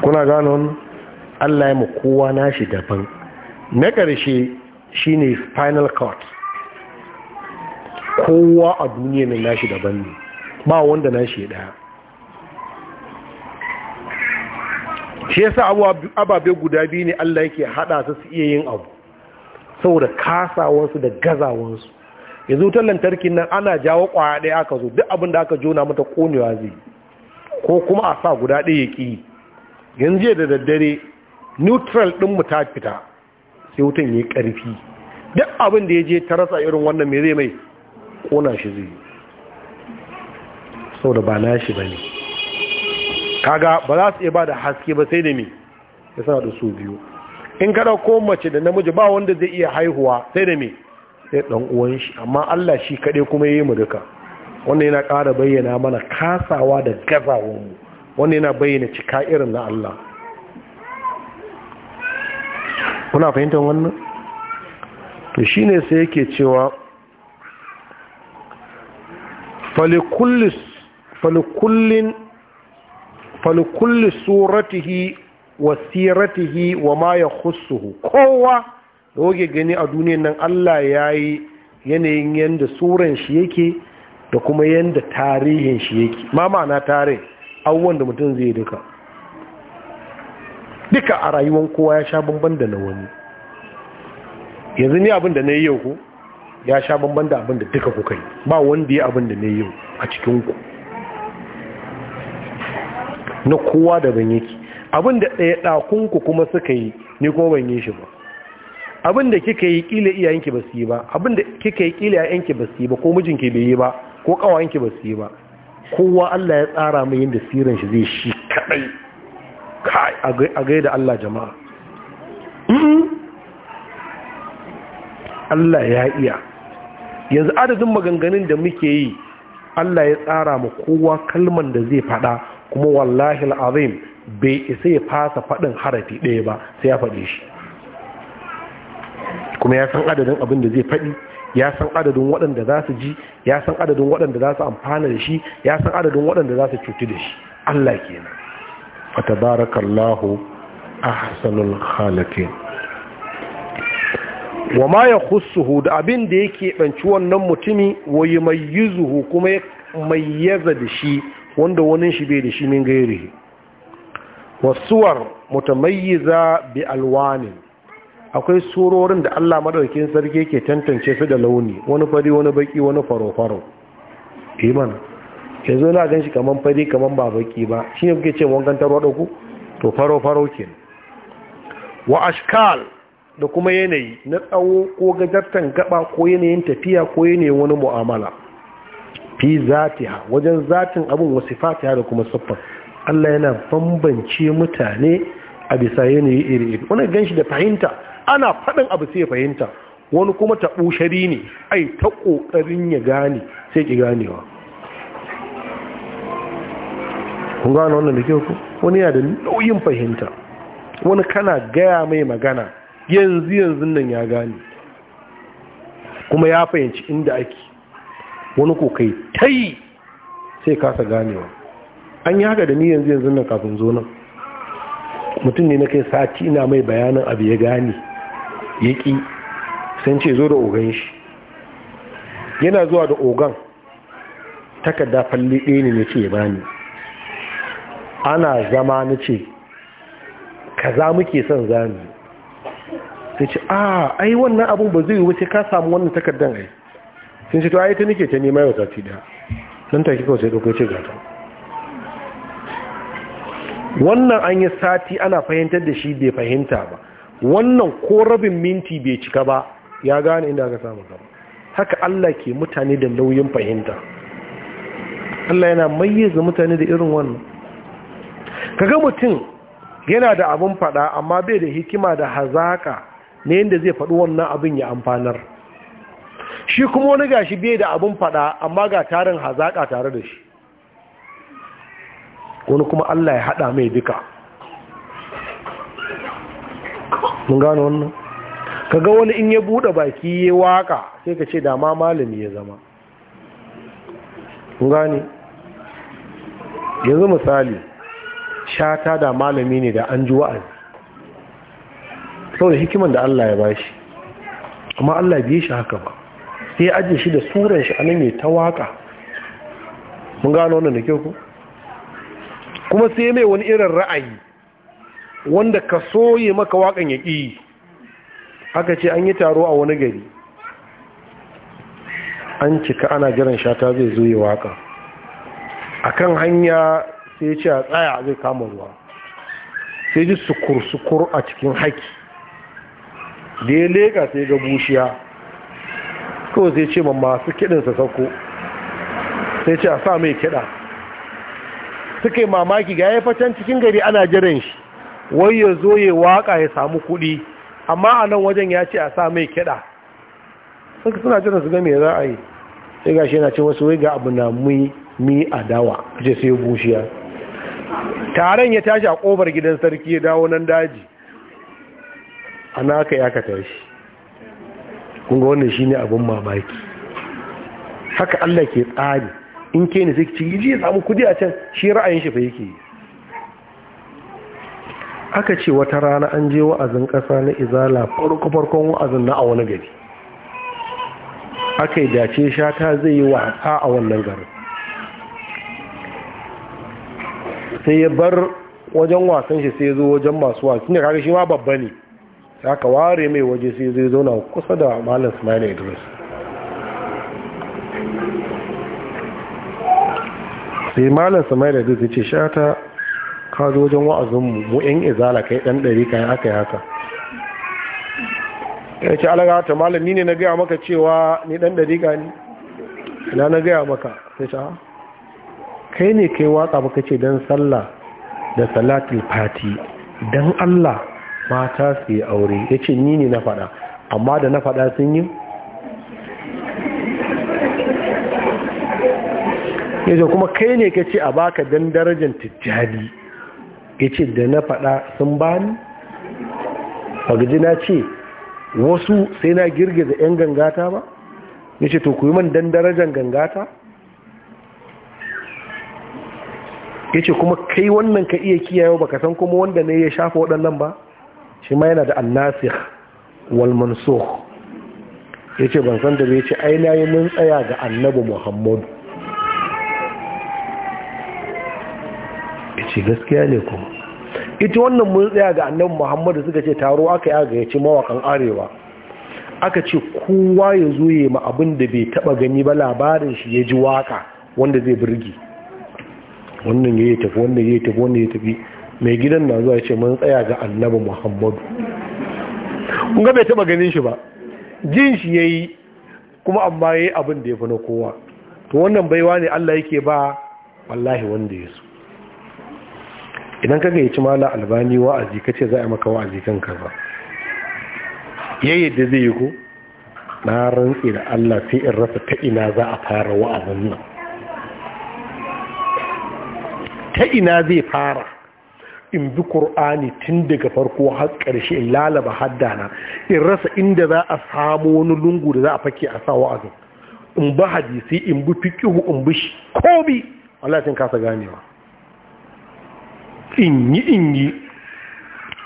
kuna gano Allah ya kowa nashi daban na ƙarshe shi ne final court kowa a duniya mai nashi daban ne ba wanda nashi ɗaya shi yasa ababe guda biyu ne Allah yake hada su su iya yin abu saboda kasawansu da gazawansu yanzu wutar lantarkin nan ana jawo kwaya ɗaya aka zo duk abin da aka jona mata konewa zai ko kuma a sa guda ɗaya ya ƙi yanzu da daddare neutral ɗin mu ta fita sai wutan ya yi ƙarfi duk abin ya je ta rasa irin wannan mai zai mai kona shi zai sau da ba na shi ba ne kaga ba za su iya ba da haske ba sai da me ya sa da su biyu in ka dauko mace da namiji ba wanda zai iya haihuwa sai da me sai dan uwan shi amma Allah shi kade kuma yayi mu duka wannan yana ƙara bayyana mana kasawa da gazawar mu wannan yana bayyana cika irin na Allah kuna fahimtar wannan to shine sai yake cewa falikullis falikullis suratihi wasiratihi wa ma ya khussuhu kowa da wage gani a duniyan nan Allah ya yi yanayin yadda tsoron shi yake da kuma yadda tarihin shi yake ma ma'ana tare, abubuwan da mutum zai duka duka a rayuwan kowa ya sha bamban da na wani yanzu ni abin da na yi yau ku ya sha bamban da abin da duka ku kai, ba wanda ya abin da na yi yau a cikinku na kowa daban yake abin da ɗaya ɗakunku kuma suka yi ni kuma ban yi shi ba abin da kika yi ƙila iyayenki ba su yi ba abin da kika yi ƙila iyayenki ba su yi ba ko mijinki bai yi ba ko ƙawayenki ba su yi ba kowa Allah ya tsara mai yin da sirin shi zai shi kaɗai a a gaida Allah jama'a Allah ya iya yanzu adadin maganganun da muke yi Allah ya tsara ma kowa kalman da zai faɗa kuma wallahi al'azim bai isa ya fasa faɗin harafi ɗaya ba sai ya faɗe shi kuma ya san adadin abin da zai faɗi ya san adadin waɗanda za su ji ya san adadin waɗanda za su amfana da shi ya san adadin waɗanda za su cuti da shi Allah ke kenan a ahsanul khaliqin wa ma yakhussuhu da abin da yake banci wannan mutumi wa mai yi zuhu kuma ya mayyaza da shi wanda wani shi bai da shi min gairi wasuwar mutamayyiza bi alwanin akwai surorin da Allah madaukakin sarki ke tantance su da launi wani fari wani baki wani faro-faro iman eh yanzu na shi kaman fari kaman ba baki ba shi ne kuke ce wankan tarwa ku, to faro-faro ke wa ashkal da kuma yanayi na tsawo ko gajartan gaba ko yanayin tafiya ko yanayin wani mu'amala fi zatiha wajen zatin abin wasifatiha da kuma siffar Allah yana bambance mutane a bisa yanayi iri-iri wani ganshi da fahimta ana faɗin abu sai fahimta wani kuma taɓo shari ne ai ta ƙoƙarin ya gane sai ki ganewa kun gane wannan da ke ku wani yana da nauyin fahimta wani kana gaya mai magana yanzu yanzu nan ya gane kuma ya fahimci inda ake wani ko kai tai sai kasa ganewa an yi haka da ni yanzu yanzu nan kafin zo nan mutum ne na kai sati ina mai bayanin abu ya gane ya ƙi sun ce zo da ogan shi yana zuwa da ogan takarda falle ɗaya ne na ce ya bani ana zama na ce kaza muke son zami sai ce a ai wannan abun ba zai yi wuce ka samu wannan takardan ai sun ce to ai ta nake ta nema yau sati da nan take kawai sai ɗauko ce gata wannan an yi sati ana fahimtar da shi bai fahimta ba wannan ko rabin minti bai cika ba ya gane inda aka samu gaba haka Allah ke mutane da nauyin fahimta Allah yana mayyaza mutane da irin wannan kaga mutum yana da abin fada amma bai da hikima da hazaka ne yadda zai faɗi wannan abin ya amfanar shi kuma wani gashi bai da abin fada amma ga tarin hazaka tare da shi wani kuma Allah ya hada mai duka mun gano wannan kaga wani in ya bude baki ya waka sai ka ce da ma malami ya zama mun gane yanzu misali shata da malami ne da an ji wa'azi saboda hikiman da Allah ya bashi amma Allah biye shi haka ba sai ya ajiye shi da suran shi anan ya ta waka mun gano wannan da kyau ko kuma sai mai wani irin ra'ayi wanda ka soye maka wakan ya ƙi haka ce an yi taro a wani gari an cika ana jiran shata zai zo yi waka a kan hanya sai ce a tsaya zai kama ruwa sai ji sukur-sukur a cikin haki da ya leka sai ga bushiya kawai sai ce ma masu kiɗinsa sako sai ce a sa mai kiɗa suka yi mamaki ga ya fatan cikin gari ana jiran shi wai ya zo ya waka ya samu kuɗi amma a nan wajen ya ce a sa mai kiɗa suka suna jiran su ga me za a yi sai ga yana ce wasu wai ga abu na mui mi adawa je sai bushiya taron ya tashi a ƙofar gidan sarki ya dawo nan daji ana aka ya ka tashi ga wannan shine abin mamaki haka Allah ke tsari in ke ne sai ci yi ya samu kudi a can shi ra'ayin shi fa yake aka ce wata rana an je wa'azin kasa na izala farko-farkon wa'azin na a wani gari aka yi dace shata zai yi wasa a wannan garin sai ya bar wajen wasan shi sai ya zo wajen masu wasu ne kaga shi ma babba ne ka ware mai waje sai zai zauna kusa da malam ismail idris sai malam samai da zai ce shata ka zo wajen wa'azinmu mu yan izala kai dan ɗari kayan aka yi haka ya ce alaga ta malam ni ne na gaya maka cewa ni dan ɗari ka ni ina na gaya maka sai ta ah, kai ne kai waka maka ce dan sallah da salatul fati dan Allah mata su yi aure ya ce ni ne na faɗa amma da na faɗa sun yi yace kuma kai ne ka ce a baka dan darajar tijjani ya ce da na faɗa sun bani fagaji na ce wasu sai na girgiza 'yan gangata ba ya ce to ku yi man don darajar gangata ya ce kuma kai wannan ka iya kiyayewa baka san kuma wanda ne ya shafa waɗannan ba shi ma yana da annasikh walmansu ya ce ban san da yace ai ainihin mun tsaya ga annabi Muhammadu ce gaskiya ne kuma ita wannan mun tsaya ga annabi muhammadu suka ce taro aka yi aga ya ce mawakan arewa aka ce kowa ya zo ya ma abin da bai taba gani ba labarin shi ya ji waka wanda zai birgi wannan ya yi tafi wannan ya yi tafi wannan ya tafi mai gidan na zuwa ya ce mun tsaya ga annabi muhammadu kun ga bai taba ganin shi ba jin shi ya yi kuma amma ya yi abin da ya fi na kowa to wannan baiwa ne allah yake ba wallahi wanda ya so idan ka gayyaci mala albani wa'azi ka ce za a maka wa'azi kan kaza yadda zai yi ko na rantsi da Allah sai in rasa ta ina za a fara wa'azin nan ta ina zai fara in bi Kur'ani tun daga farko har ƙarshe in lalaba haddana in rasa inda za a samu wani lungu da za a fake a sa wa'azin in bi hadisi in bi fikihu in bi kobi Allah sun kasa ganewa inyi inyi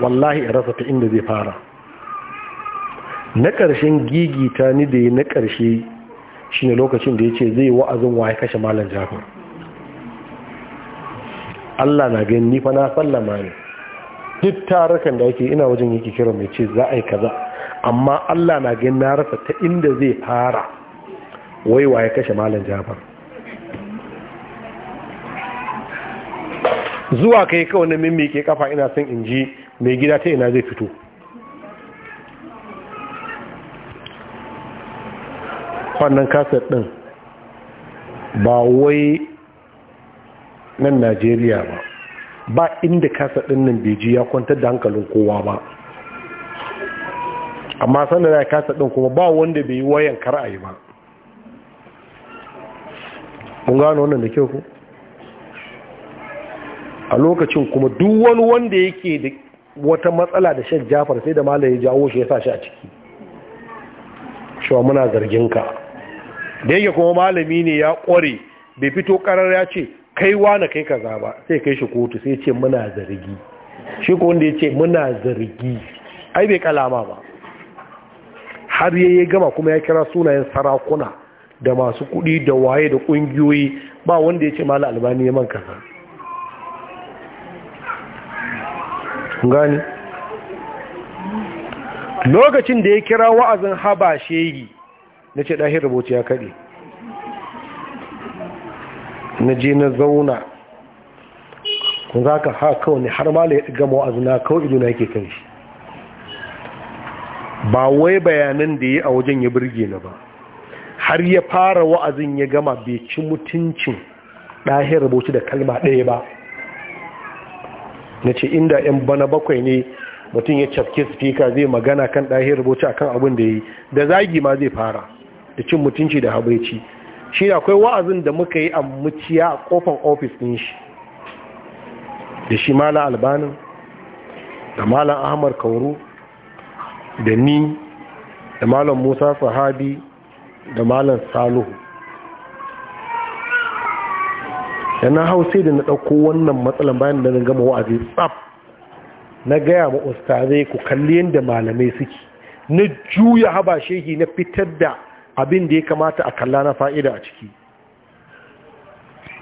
wallahi ya rasa ta inda zai fara na ƙarshen gigita ni da na ƙarshe shi ne lokacin da ya ce zai wa'azin waye kashe malam jafin Allah na gani ni fa na sallama ne duk tarukan da ake ina wajen yake kira mai ce za a yi kaza amma Allah na gani na rasa ta inda zai fara wai wa ya kashe malam jafar zuwa kai kawai na mimmike kafa ina son in ji mai gida ta ina zai fito wannan kasar ɗin ba wai nan najeriya ba ba inda kasar ɗin nan beji ya kwantar da hankalin kowa ba amma sanda na kasar ɗin kuma ba wanda bai yi wayan kar'ayi ba mun gano wannan da kyau ku a lokacin kuma duk wani wanda yake da wata matsala da shan jafar sai da malaye jawo shi ya sa shi a ciki cewa muna zargin ka da yake kuma malami ne ya kware bai fito karar ya ce kai na kai kaza ba sai kai shi kotu sai ce muna zargi shi ko wanda ya ce muna zargi ai bai kalama ba har ya gama kuma ya kira sunayen sarakuna da masu kuɗi da waye da ƙungiyoyi ba wanda ya ce mala albani ya man kaza gani lokacin da ya kira wa'azin haba shehi na ce ɗahir rubutu ya kaɗe na je na zauna kun za ka haka wani har ma ya gama wa'azin na kawai ido na yake kan shi ba wai bayanan da ya a wajen ya birge na ba har ya fara wa'azin ya gama bai ci mutuncin ɗahir rubutu da kalma ɗaya ba na ce inda 'yan bana bakwai ne mutum ya cafke spika zai magana kan ɗahin a akan abin da ya yi da zagi ma zai fara da cin mutunci da habaici shi akwai wa'azin da muka yi a muciya a kofan ofis ɗin shi da shi Malam albanin da malam ahmar kauru da ni da malam musa sahabi da malam saluhu da na hau sai da na ɗauko wannan matsalan bayan da na gama wa'azi tsaf na gaya ma ustazai ku kalli yadda malamai suke na juya haba shehi na fitar da abin da ya kamata a kalla na fa'ida a ciki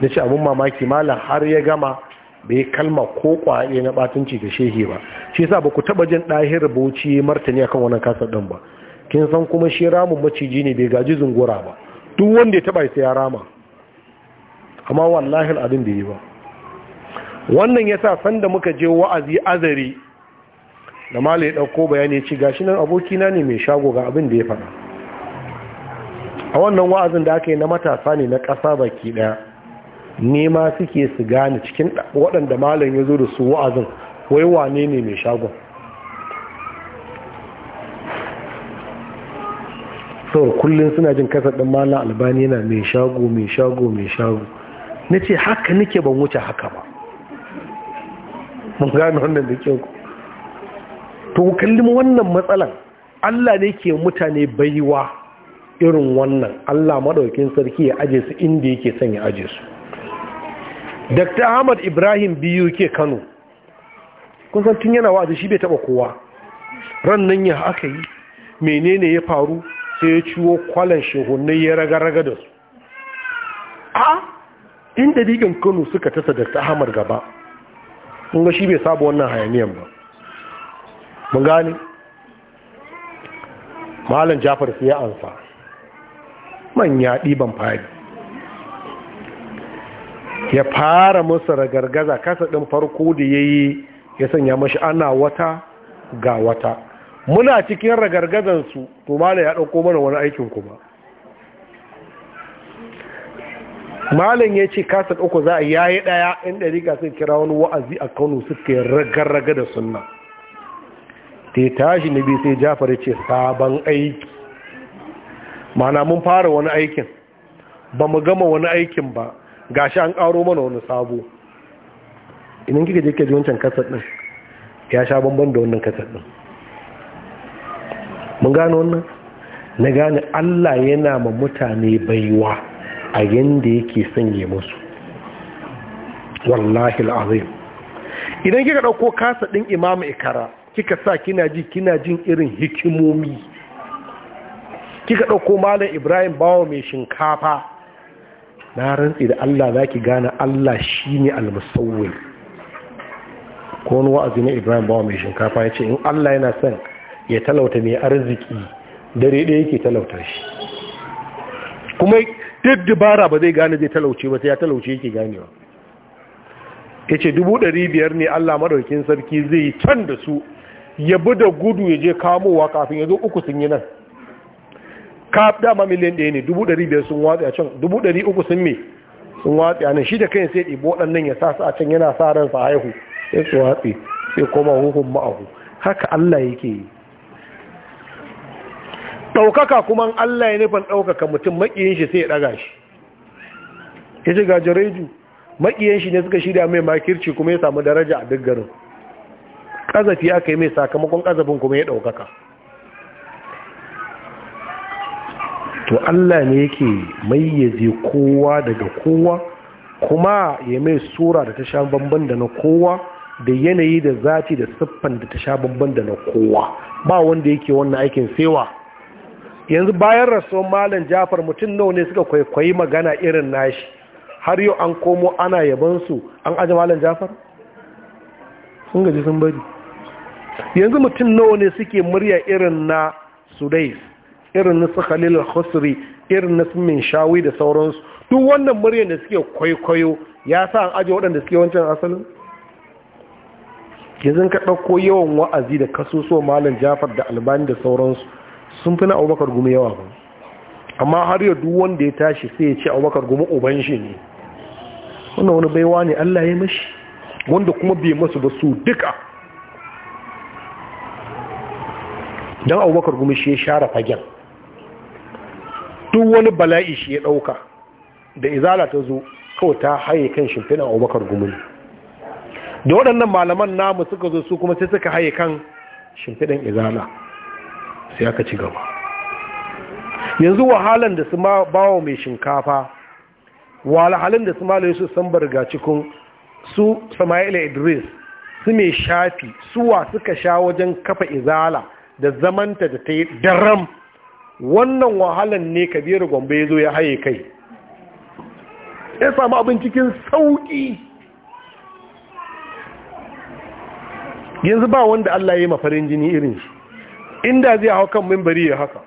na ce abin mamaki malam har ya gama bai kalma ko kwaye na batunci ga shehi ba shi sa ba ku taba jin ɗahir bauchi martani akan wannan kasar ɗin ba kin san kuma shi ramun maciji ne bai gaji zungura ba duk wanda ya taba sai ya rama amma wallahi abin da yi ba wannan ya sa sanda muka je wa'azi azari da ma ya ɗauko bayani ci gashi nan abokina ne mai shago ga abin da ya faɗa a wannan wa'azin da aka yi na matasa ne na ƙasa baki ɗaya nema suke su gane cikin waɗanda malam ya zo da su wa'azin wai wane ne mai shagon sau kullum suna jin kasar ɗin malam albani yana mai shago mai shago mai shago na ce haka nake ban wuce haka ba mun gano wannan da ku to kalli wannan matsalan Allah ne ke mutane baiwa irin wannan Allah maɗaukin sarki ya aje su inda yake son ya aje su Dr. Ahmad Ibrahim biyu ke Kano kun san tun yana wa'azi shi bai taba kowa ran nan ya aka yi menene ya faru sai ya ciwo kwalan shehunai ya raga-raga da su a in da digin kano suka tasa da tsahamar gaba mun ga shi bai saba wannan hayaniyan ba mun gane malam jafar sai ya ansa manya ɗiban fari ya fara musu ragargaza kasa ɗin farko da ya yi ya sanya mashi ana wata ga wata muna cikin ragargazansu to malam ya ɗauko mana wani aikin kuma malam ya ce kasar uku za a yayi daya inda riga sai kira wani wa'azi a kano suka yi raga-raga da sunna ta tashi na biyu sai jafar ce sabon aiki mana mun fara wani aikin ba mu gama wani aikin ba gashi an ƙaro mana wani sabo inan kika je kaji wancan kasar ɗin ya sha bambam da wannan kasar ɗin mun gano wannan na gane allah yana ma mutane baiwa a yanda yake sanye musu wallahi al'azim idan kika ɗauko kasa ɗin imamu ikara kika sa kina ji kina jin irin hikimomi kika ɗauko malam ibrahim bawa mai shinkafa na rantsi da allah za ki gane allah shi ne almusawwin ko wani wa'azi na ibrahim bawa mai shinkafa ya ce in allah yana son ya talauta mai arziki dare ɗaya yake talauta shi kuma duk dubara ba zai gane zai talauce ba sai ya talauce yake ganewa ya ce dubu ɗari biyar ne allah maɗaukin sarki zai yi can da su ya bi da gudu ya je kamowa kafin ya zo uku sun yi nan ka dama miliyan ɗaya ne dubu ɗari biyar sun watsi a can dubu ɗari uku sun me sun watsi a nan shi da kai sai ɗibo waɗannan ya sa su a can yana sa ransa haihu sai su watsi sai koma huhun ma'ahu haka allah yake yi ɗaukaka kuma Allah ya nufin ɗaukaka mutum maƙiyin shi sai ya ɗaga shi ya ce gajareju maƙiyin shi ne suka shirya mai makirci kuma ya samu daraja a duk garin ƙazafi aka yi mai sakamakon ƙazafin kuma ya ɗaukaka to Allah ne yake mayyaze kowa daga kowa kuma ya mai sura da ta sha bambam da na kowa da yanayi da zati da siffan da ta sha bambam da na kowa ba wanda yake wannan aikin sewa yanzu bayan rasuwan malam jafar mutum nawa ne suka kwaikwayi magana irin nashi har yau an komo ana yabansu an aji malam jafar sun gaji sun bari yanzu mutum nawa ne suke murya irin na sudais irin na su khalil khusri irin na su min shawi da sauransu duk wannan murya da suke kwaikwayo ya sa an aji waɗanda suke wancan asalin yanzu ka ɗauko yawan wa'azi da kasusuwa malam jafar da albani da sauransu sun fi na abubakar gumi yawa ba amma har yă duk wanda ya tashi sai ya ce abubakar gumi uban shi ne wannan wani baiwa ne allah ya mashi wanda kuma bai masu ba su duka don abubakar gumi shi ya share fagen duk wani bala'i shi ya ɗauka da izala ta zo kawai ta haye kan shimfiɗin abubakar gumi da waɗannan malaman namu suka zo su kuma sai suka haye kan shimfiɗin izala sai aka ci gaba yanzu wahalan da su bawa mai shinkafa wahalhalin da su malaye su san barga cikin su sama'ila idris su mai shafi suwa suka sha wajen kafa izala da zamanta da ta yi daram wannan wahalan ne kabiru gombe ya zo ya haye kai ya samu abin cikin sauƙi yanzu ba wanda allah ya yi mafarin jini irin shi inda zai hau kan mimbari ya haka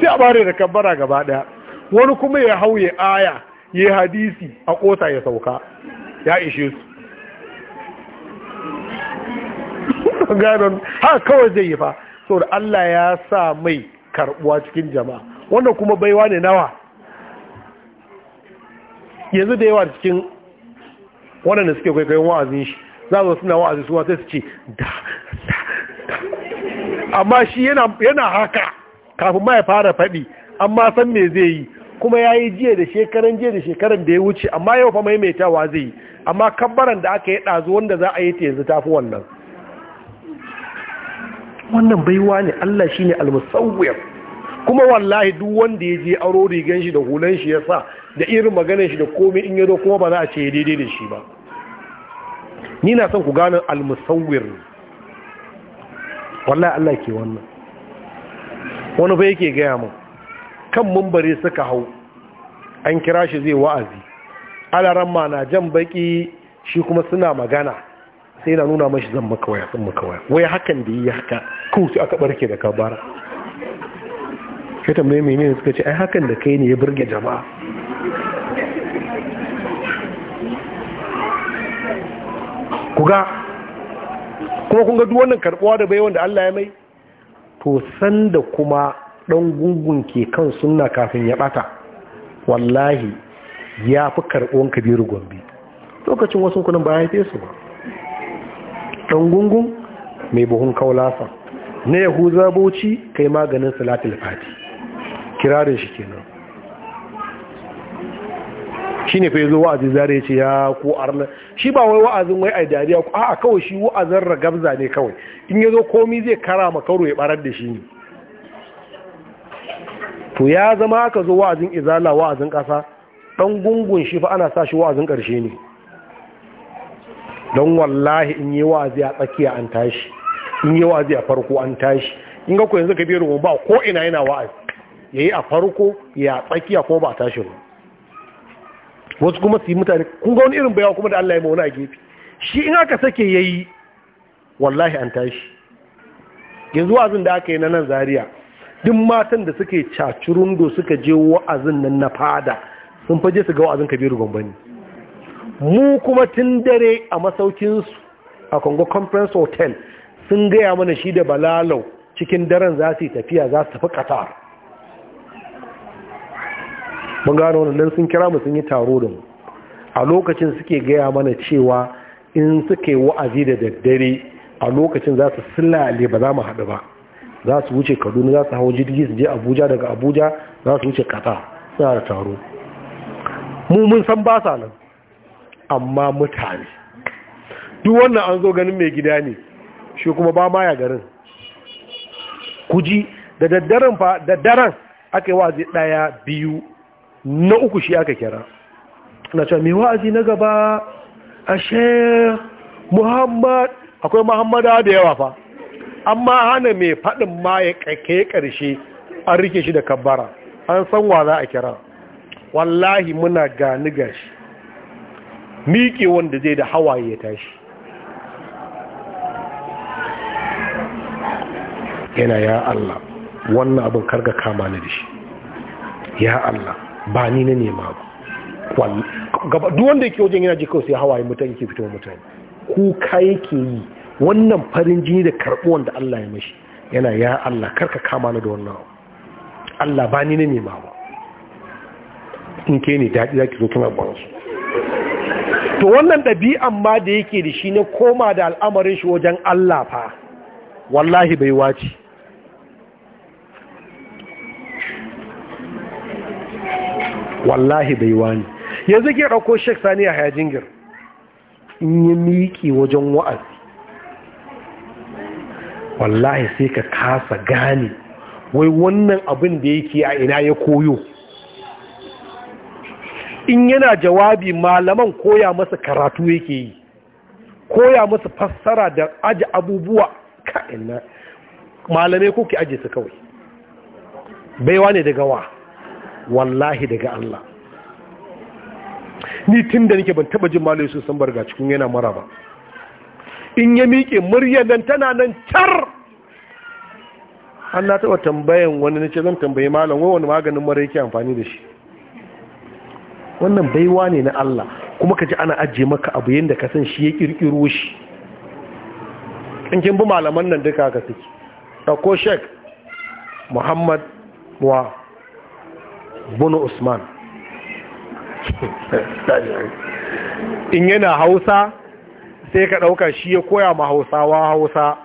sai a bare da kabbara gaba daya wani kuma ya hau ya aya ya hadisi a kosa ya sauka ya ishe su ganon ha kawai zai yi fa da Allah ya sa mai karbuwa cikin jama'a wannan kuma baiwa ne nawa yanzu da yawa cikin da suke kwaikwayon wa'azin shi za su suna wa'azin suwa sai su ce da amma shi yana haka kafin ma ya fara faɗi amma san me zai yi kuma ya yi jiya da shekaran jiya da shekaran da ya wuce amma yau fa maimaitawa zai yi amma kabbaran da aka yi ɗazu wanda za a yi ta yanzu tafi wannan wannan baiwa ne Allah shi ne almusawwir kuma wallahi duk wanda ya je aro rigan shi da hulan shi ya sa da irin maganar shi da komai in ya zo kuma ba za a ce daidai da shi ba ni na son ku gane almusawwir wallah Allah ke wannan wani fa yake gaya mu kan mumbari suka hau an kira shi zai wa'azi alaran ma na jan baki shi kuma suna magana sai na nuna mashi zan maka waya sun maka waya waya hakan da yi haka kawai aka barke da kabara sai mai menene suka ce ai hakan da kai ne ya burge jama'a ku ga kuma kun ga duk wannan karbuwa da baiwan da Allah ya mai to san da kuma dan gungun ke kan sunna kafin ya bata wallahi ya fi karbuwan kabiru gombe lokacin wasu kunan ba ya haife ba dan gungun mai buhun kaulasa na yahuza bauchi kai maganin salatul fati kirarin shi kenan shi ne fai zo wa'azin zare ce ya ko arna shi ba wai wa'azin wai ai dariya ko a'a kawai shi wa'azin ragabza ne kawai in ya zo komi zai kara ma karo ya barar da shi ne to ya zama aka zo wa'azin izala wa'azin kasa dan gungun shi fa ana sa shi wa'azin karshe ne don wallahi in yi wa'azi a tsakiya an tashi in yi wa'azi a farko an tashi in ga ku yanzu ka biyar ba ko ina yana wa'azi yayi a farko ya tsakiya ko ba tashi ba wasu kuma su yi mutane kun ga wani irin bayawa kuma da Allah ya mauna a gefe shi in aka sake ya yi wallahi an tashi yanzu wa'azin da aka yi na nan zariya duk matan da suke cacurundo suka je wa'azin nan na fada sun faje su ga wa'azin kabiru gombani mu kuma tun dare a masaukinsu a congo conference hotel sun gaya mana shi da balalau cikin daren za su yi tafiya za su tafi qatar mun gano wannan sun kira mu sun yi taro da mu a lokacin suke gaya mana cewa in suke wa'azi da daddare a lokacin za su sillale ba za mu haɗu ba za su wuce kaduna za su hau jirgi su je abuja daga abuja za su wuce kata suna da taro mu mun san ba sa nan amma mutane duk wannan an zo ganin mai gida ne shi kuma ba ma ya garin kuji da daddaren fa da daren aka yi wazi ɗaya biyu na uku shi aka kira na cewa mai wa'azi na gaba a muhammad akwai muhammada da yawa fa amma hana mai faɗin ma ya kake ƙarshe an rike shi da kabbara an san wa za a kira wallahi muna gani gashi miƙe wanda zai da hawaye ya tashi yana ya Allah wannan abin karga kama ni da shi ya Allah ba ni na nema ba duk wanda yake wajen yana ji kawai sai hawaye mutane ke fito mutane kuka yake yi wannan farin jini da karɓuwan da Allah ya mashi yana ya Allah karka kama ni da wannan Allah ba ni na nema ba in ke ne daɗi za ki zo kina su to wannan ɗabi'an ma da yake da shi na koma da al'amarin shi wajen Allah fa wallahi bai wace wallahi bai wani yanzu ke ɗauko shek sani a gir in yi miki wajen wa'azi wallahi sai ka kasa gane wai wannan abin da yake a ina ya koyo in yana jawabi malaman koya masa karatu yake yi koya masa fassara da aji abubuwa ka'ina malamai kuke aji su kawai baiwa ne daga wa wallahi daga Allah ni tun da nake ban taba jin malayi sun san barga cikin yana mara ba in ya miƙe murya nan tana nan car an na taɓa tambayan wani na ce zan tambayi malam wai wani maganin mara yake amfani da shi wannan baiwa ne na Allah kuma ka ji ana ajiye maka abu yadda ka san shi ya ƙirƙiro shi in kin bi malaman nan duka ka suke ɗauko shek muhammad wa bunu usman in yana hausa sai ka ɗauka shi ya koya ma hausawa hausa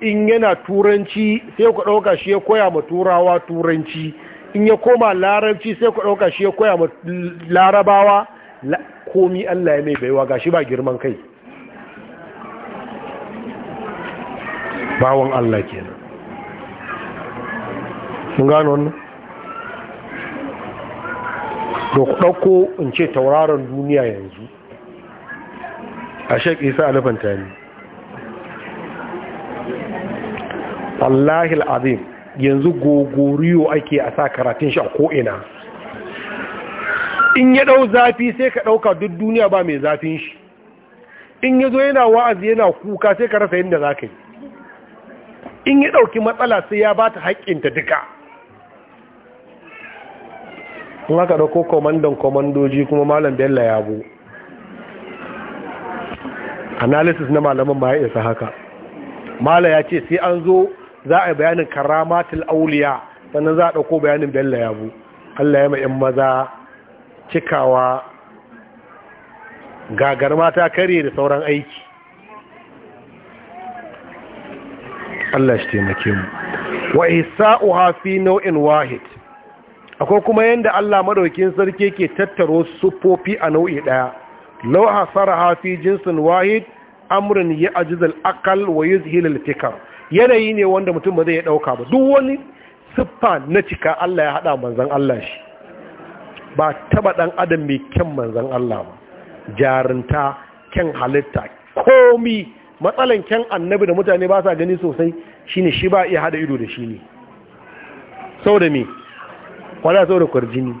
in yana turanci sai ka ɗauka shi ya koya ma turawa turanci in ya koma larabci sai ka ɗauka shi ya koya ma larabawa komi allah ya mai baiwa gashi ba girman kai bawon allah kenan mun gano wannan to ku in ce tauraron duniya yanzu a shek isa alifanta ne allahil azim yanzu gogoriyo ake a sa karatun shi a ko'ina in ya ɗau zafi sai ka ɗauka duk duniya ba mai zafin shi in ya zo yana wa'azi yana kuka sai ka rasa yadda za ka yi in ya ɗauki matsala sai ya ba ta haƙƙinta duka in haka dauko komandan komandoji kuma malam bello ya bu analysis na malamin ma ya isa haka malam ya ce sai an zo za a yi bayanin karamatul auliya sannan za a dauko bayanin bello ya bu allah ya ma'in maza cikawa gagar mata kare da sauran aiki Allah shi taimake mu wa isa'uha fi nau'in wahid akwai kuma yadda Allah madaukin sarki ke tattaro sufofi a nau'i ɗaya Lauha Saraha fi jinsin wahid amrun ya'jiz al-aql wa yuzhil al-fikr yanayi ne wanda mutum ba zai dauka ba duk wani siffa na cika Allah ya hada manzon Allah shi ba taba dan adam mai kyan manzon Allah ba jarinta kyan halitta komi matsalan kyan annabi da mutane ba sa gani sosai shine shi ba iya hada ido da shi ne saboda me so da kwarjini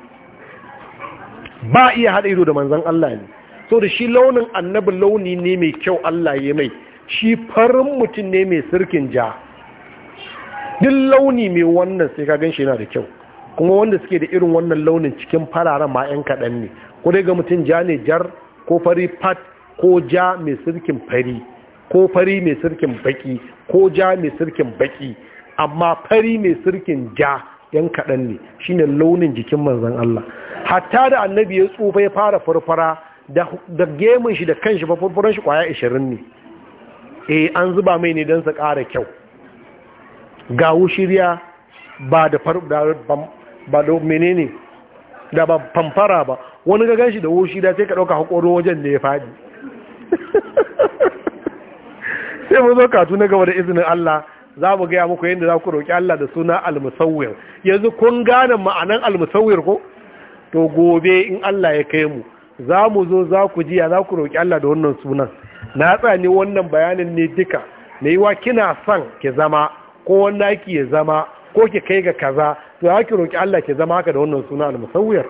ba iya haɗa ido da manzan Allah ne So da shi launin annabi launi ne mai kyau Allah ya mai shi farin mutum ne mai sirkin ja duk launi mai wannan sai ka gan shi yana da kyau kuma wanda suke da irin wannan launin cikin fararen ma 'yan kaɗan ne ko dai ga mutum ja ne jar ko fari pat ko ja mai sirkin fari ko fari mai sirkin baki ko ja mai sirkin baki amma fari mai sirkin ja yan kaɗan ne shine launin jikin manzan Allah hatta da annabi ya tsufa ya fara farfara da gemun shi da kanshi farfaran shi kwaya 20 ne eh an zuba mai ne don su ƙara kyau ga shirya ba da mene ne da ba famfara ba wani ga ganshi da wushiriya sai ka ɗauka haƙorin wajen da ya faɗi sai mu zo katu na gaba da izinin Allah za mu gaya muku yadda za ku roƙi Allah da suna almusawwir yanzu kun gane ma'anan almusawwir ko to gobe in Allah ya kai mu za mu zo za ku jiya za ku roƙi Allah da wannan sunan na tsani wannan bayanin ne duka na yi wa kina son ki zama ko wanda ki ya zama ko ki kai ga kaza to za ki roƙi Allah ki zama haka da wannan suna al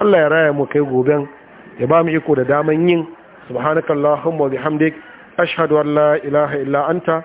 Allah ya raya mu kai goben ya ba mu iko da daman yin subhanakallahumma wa bihamdik ashhadu an la ilaha illa anta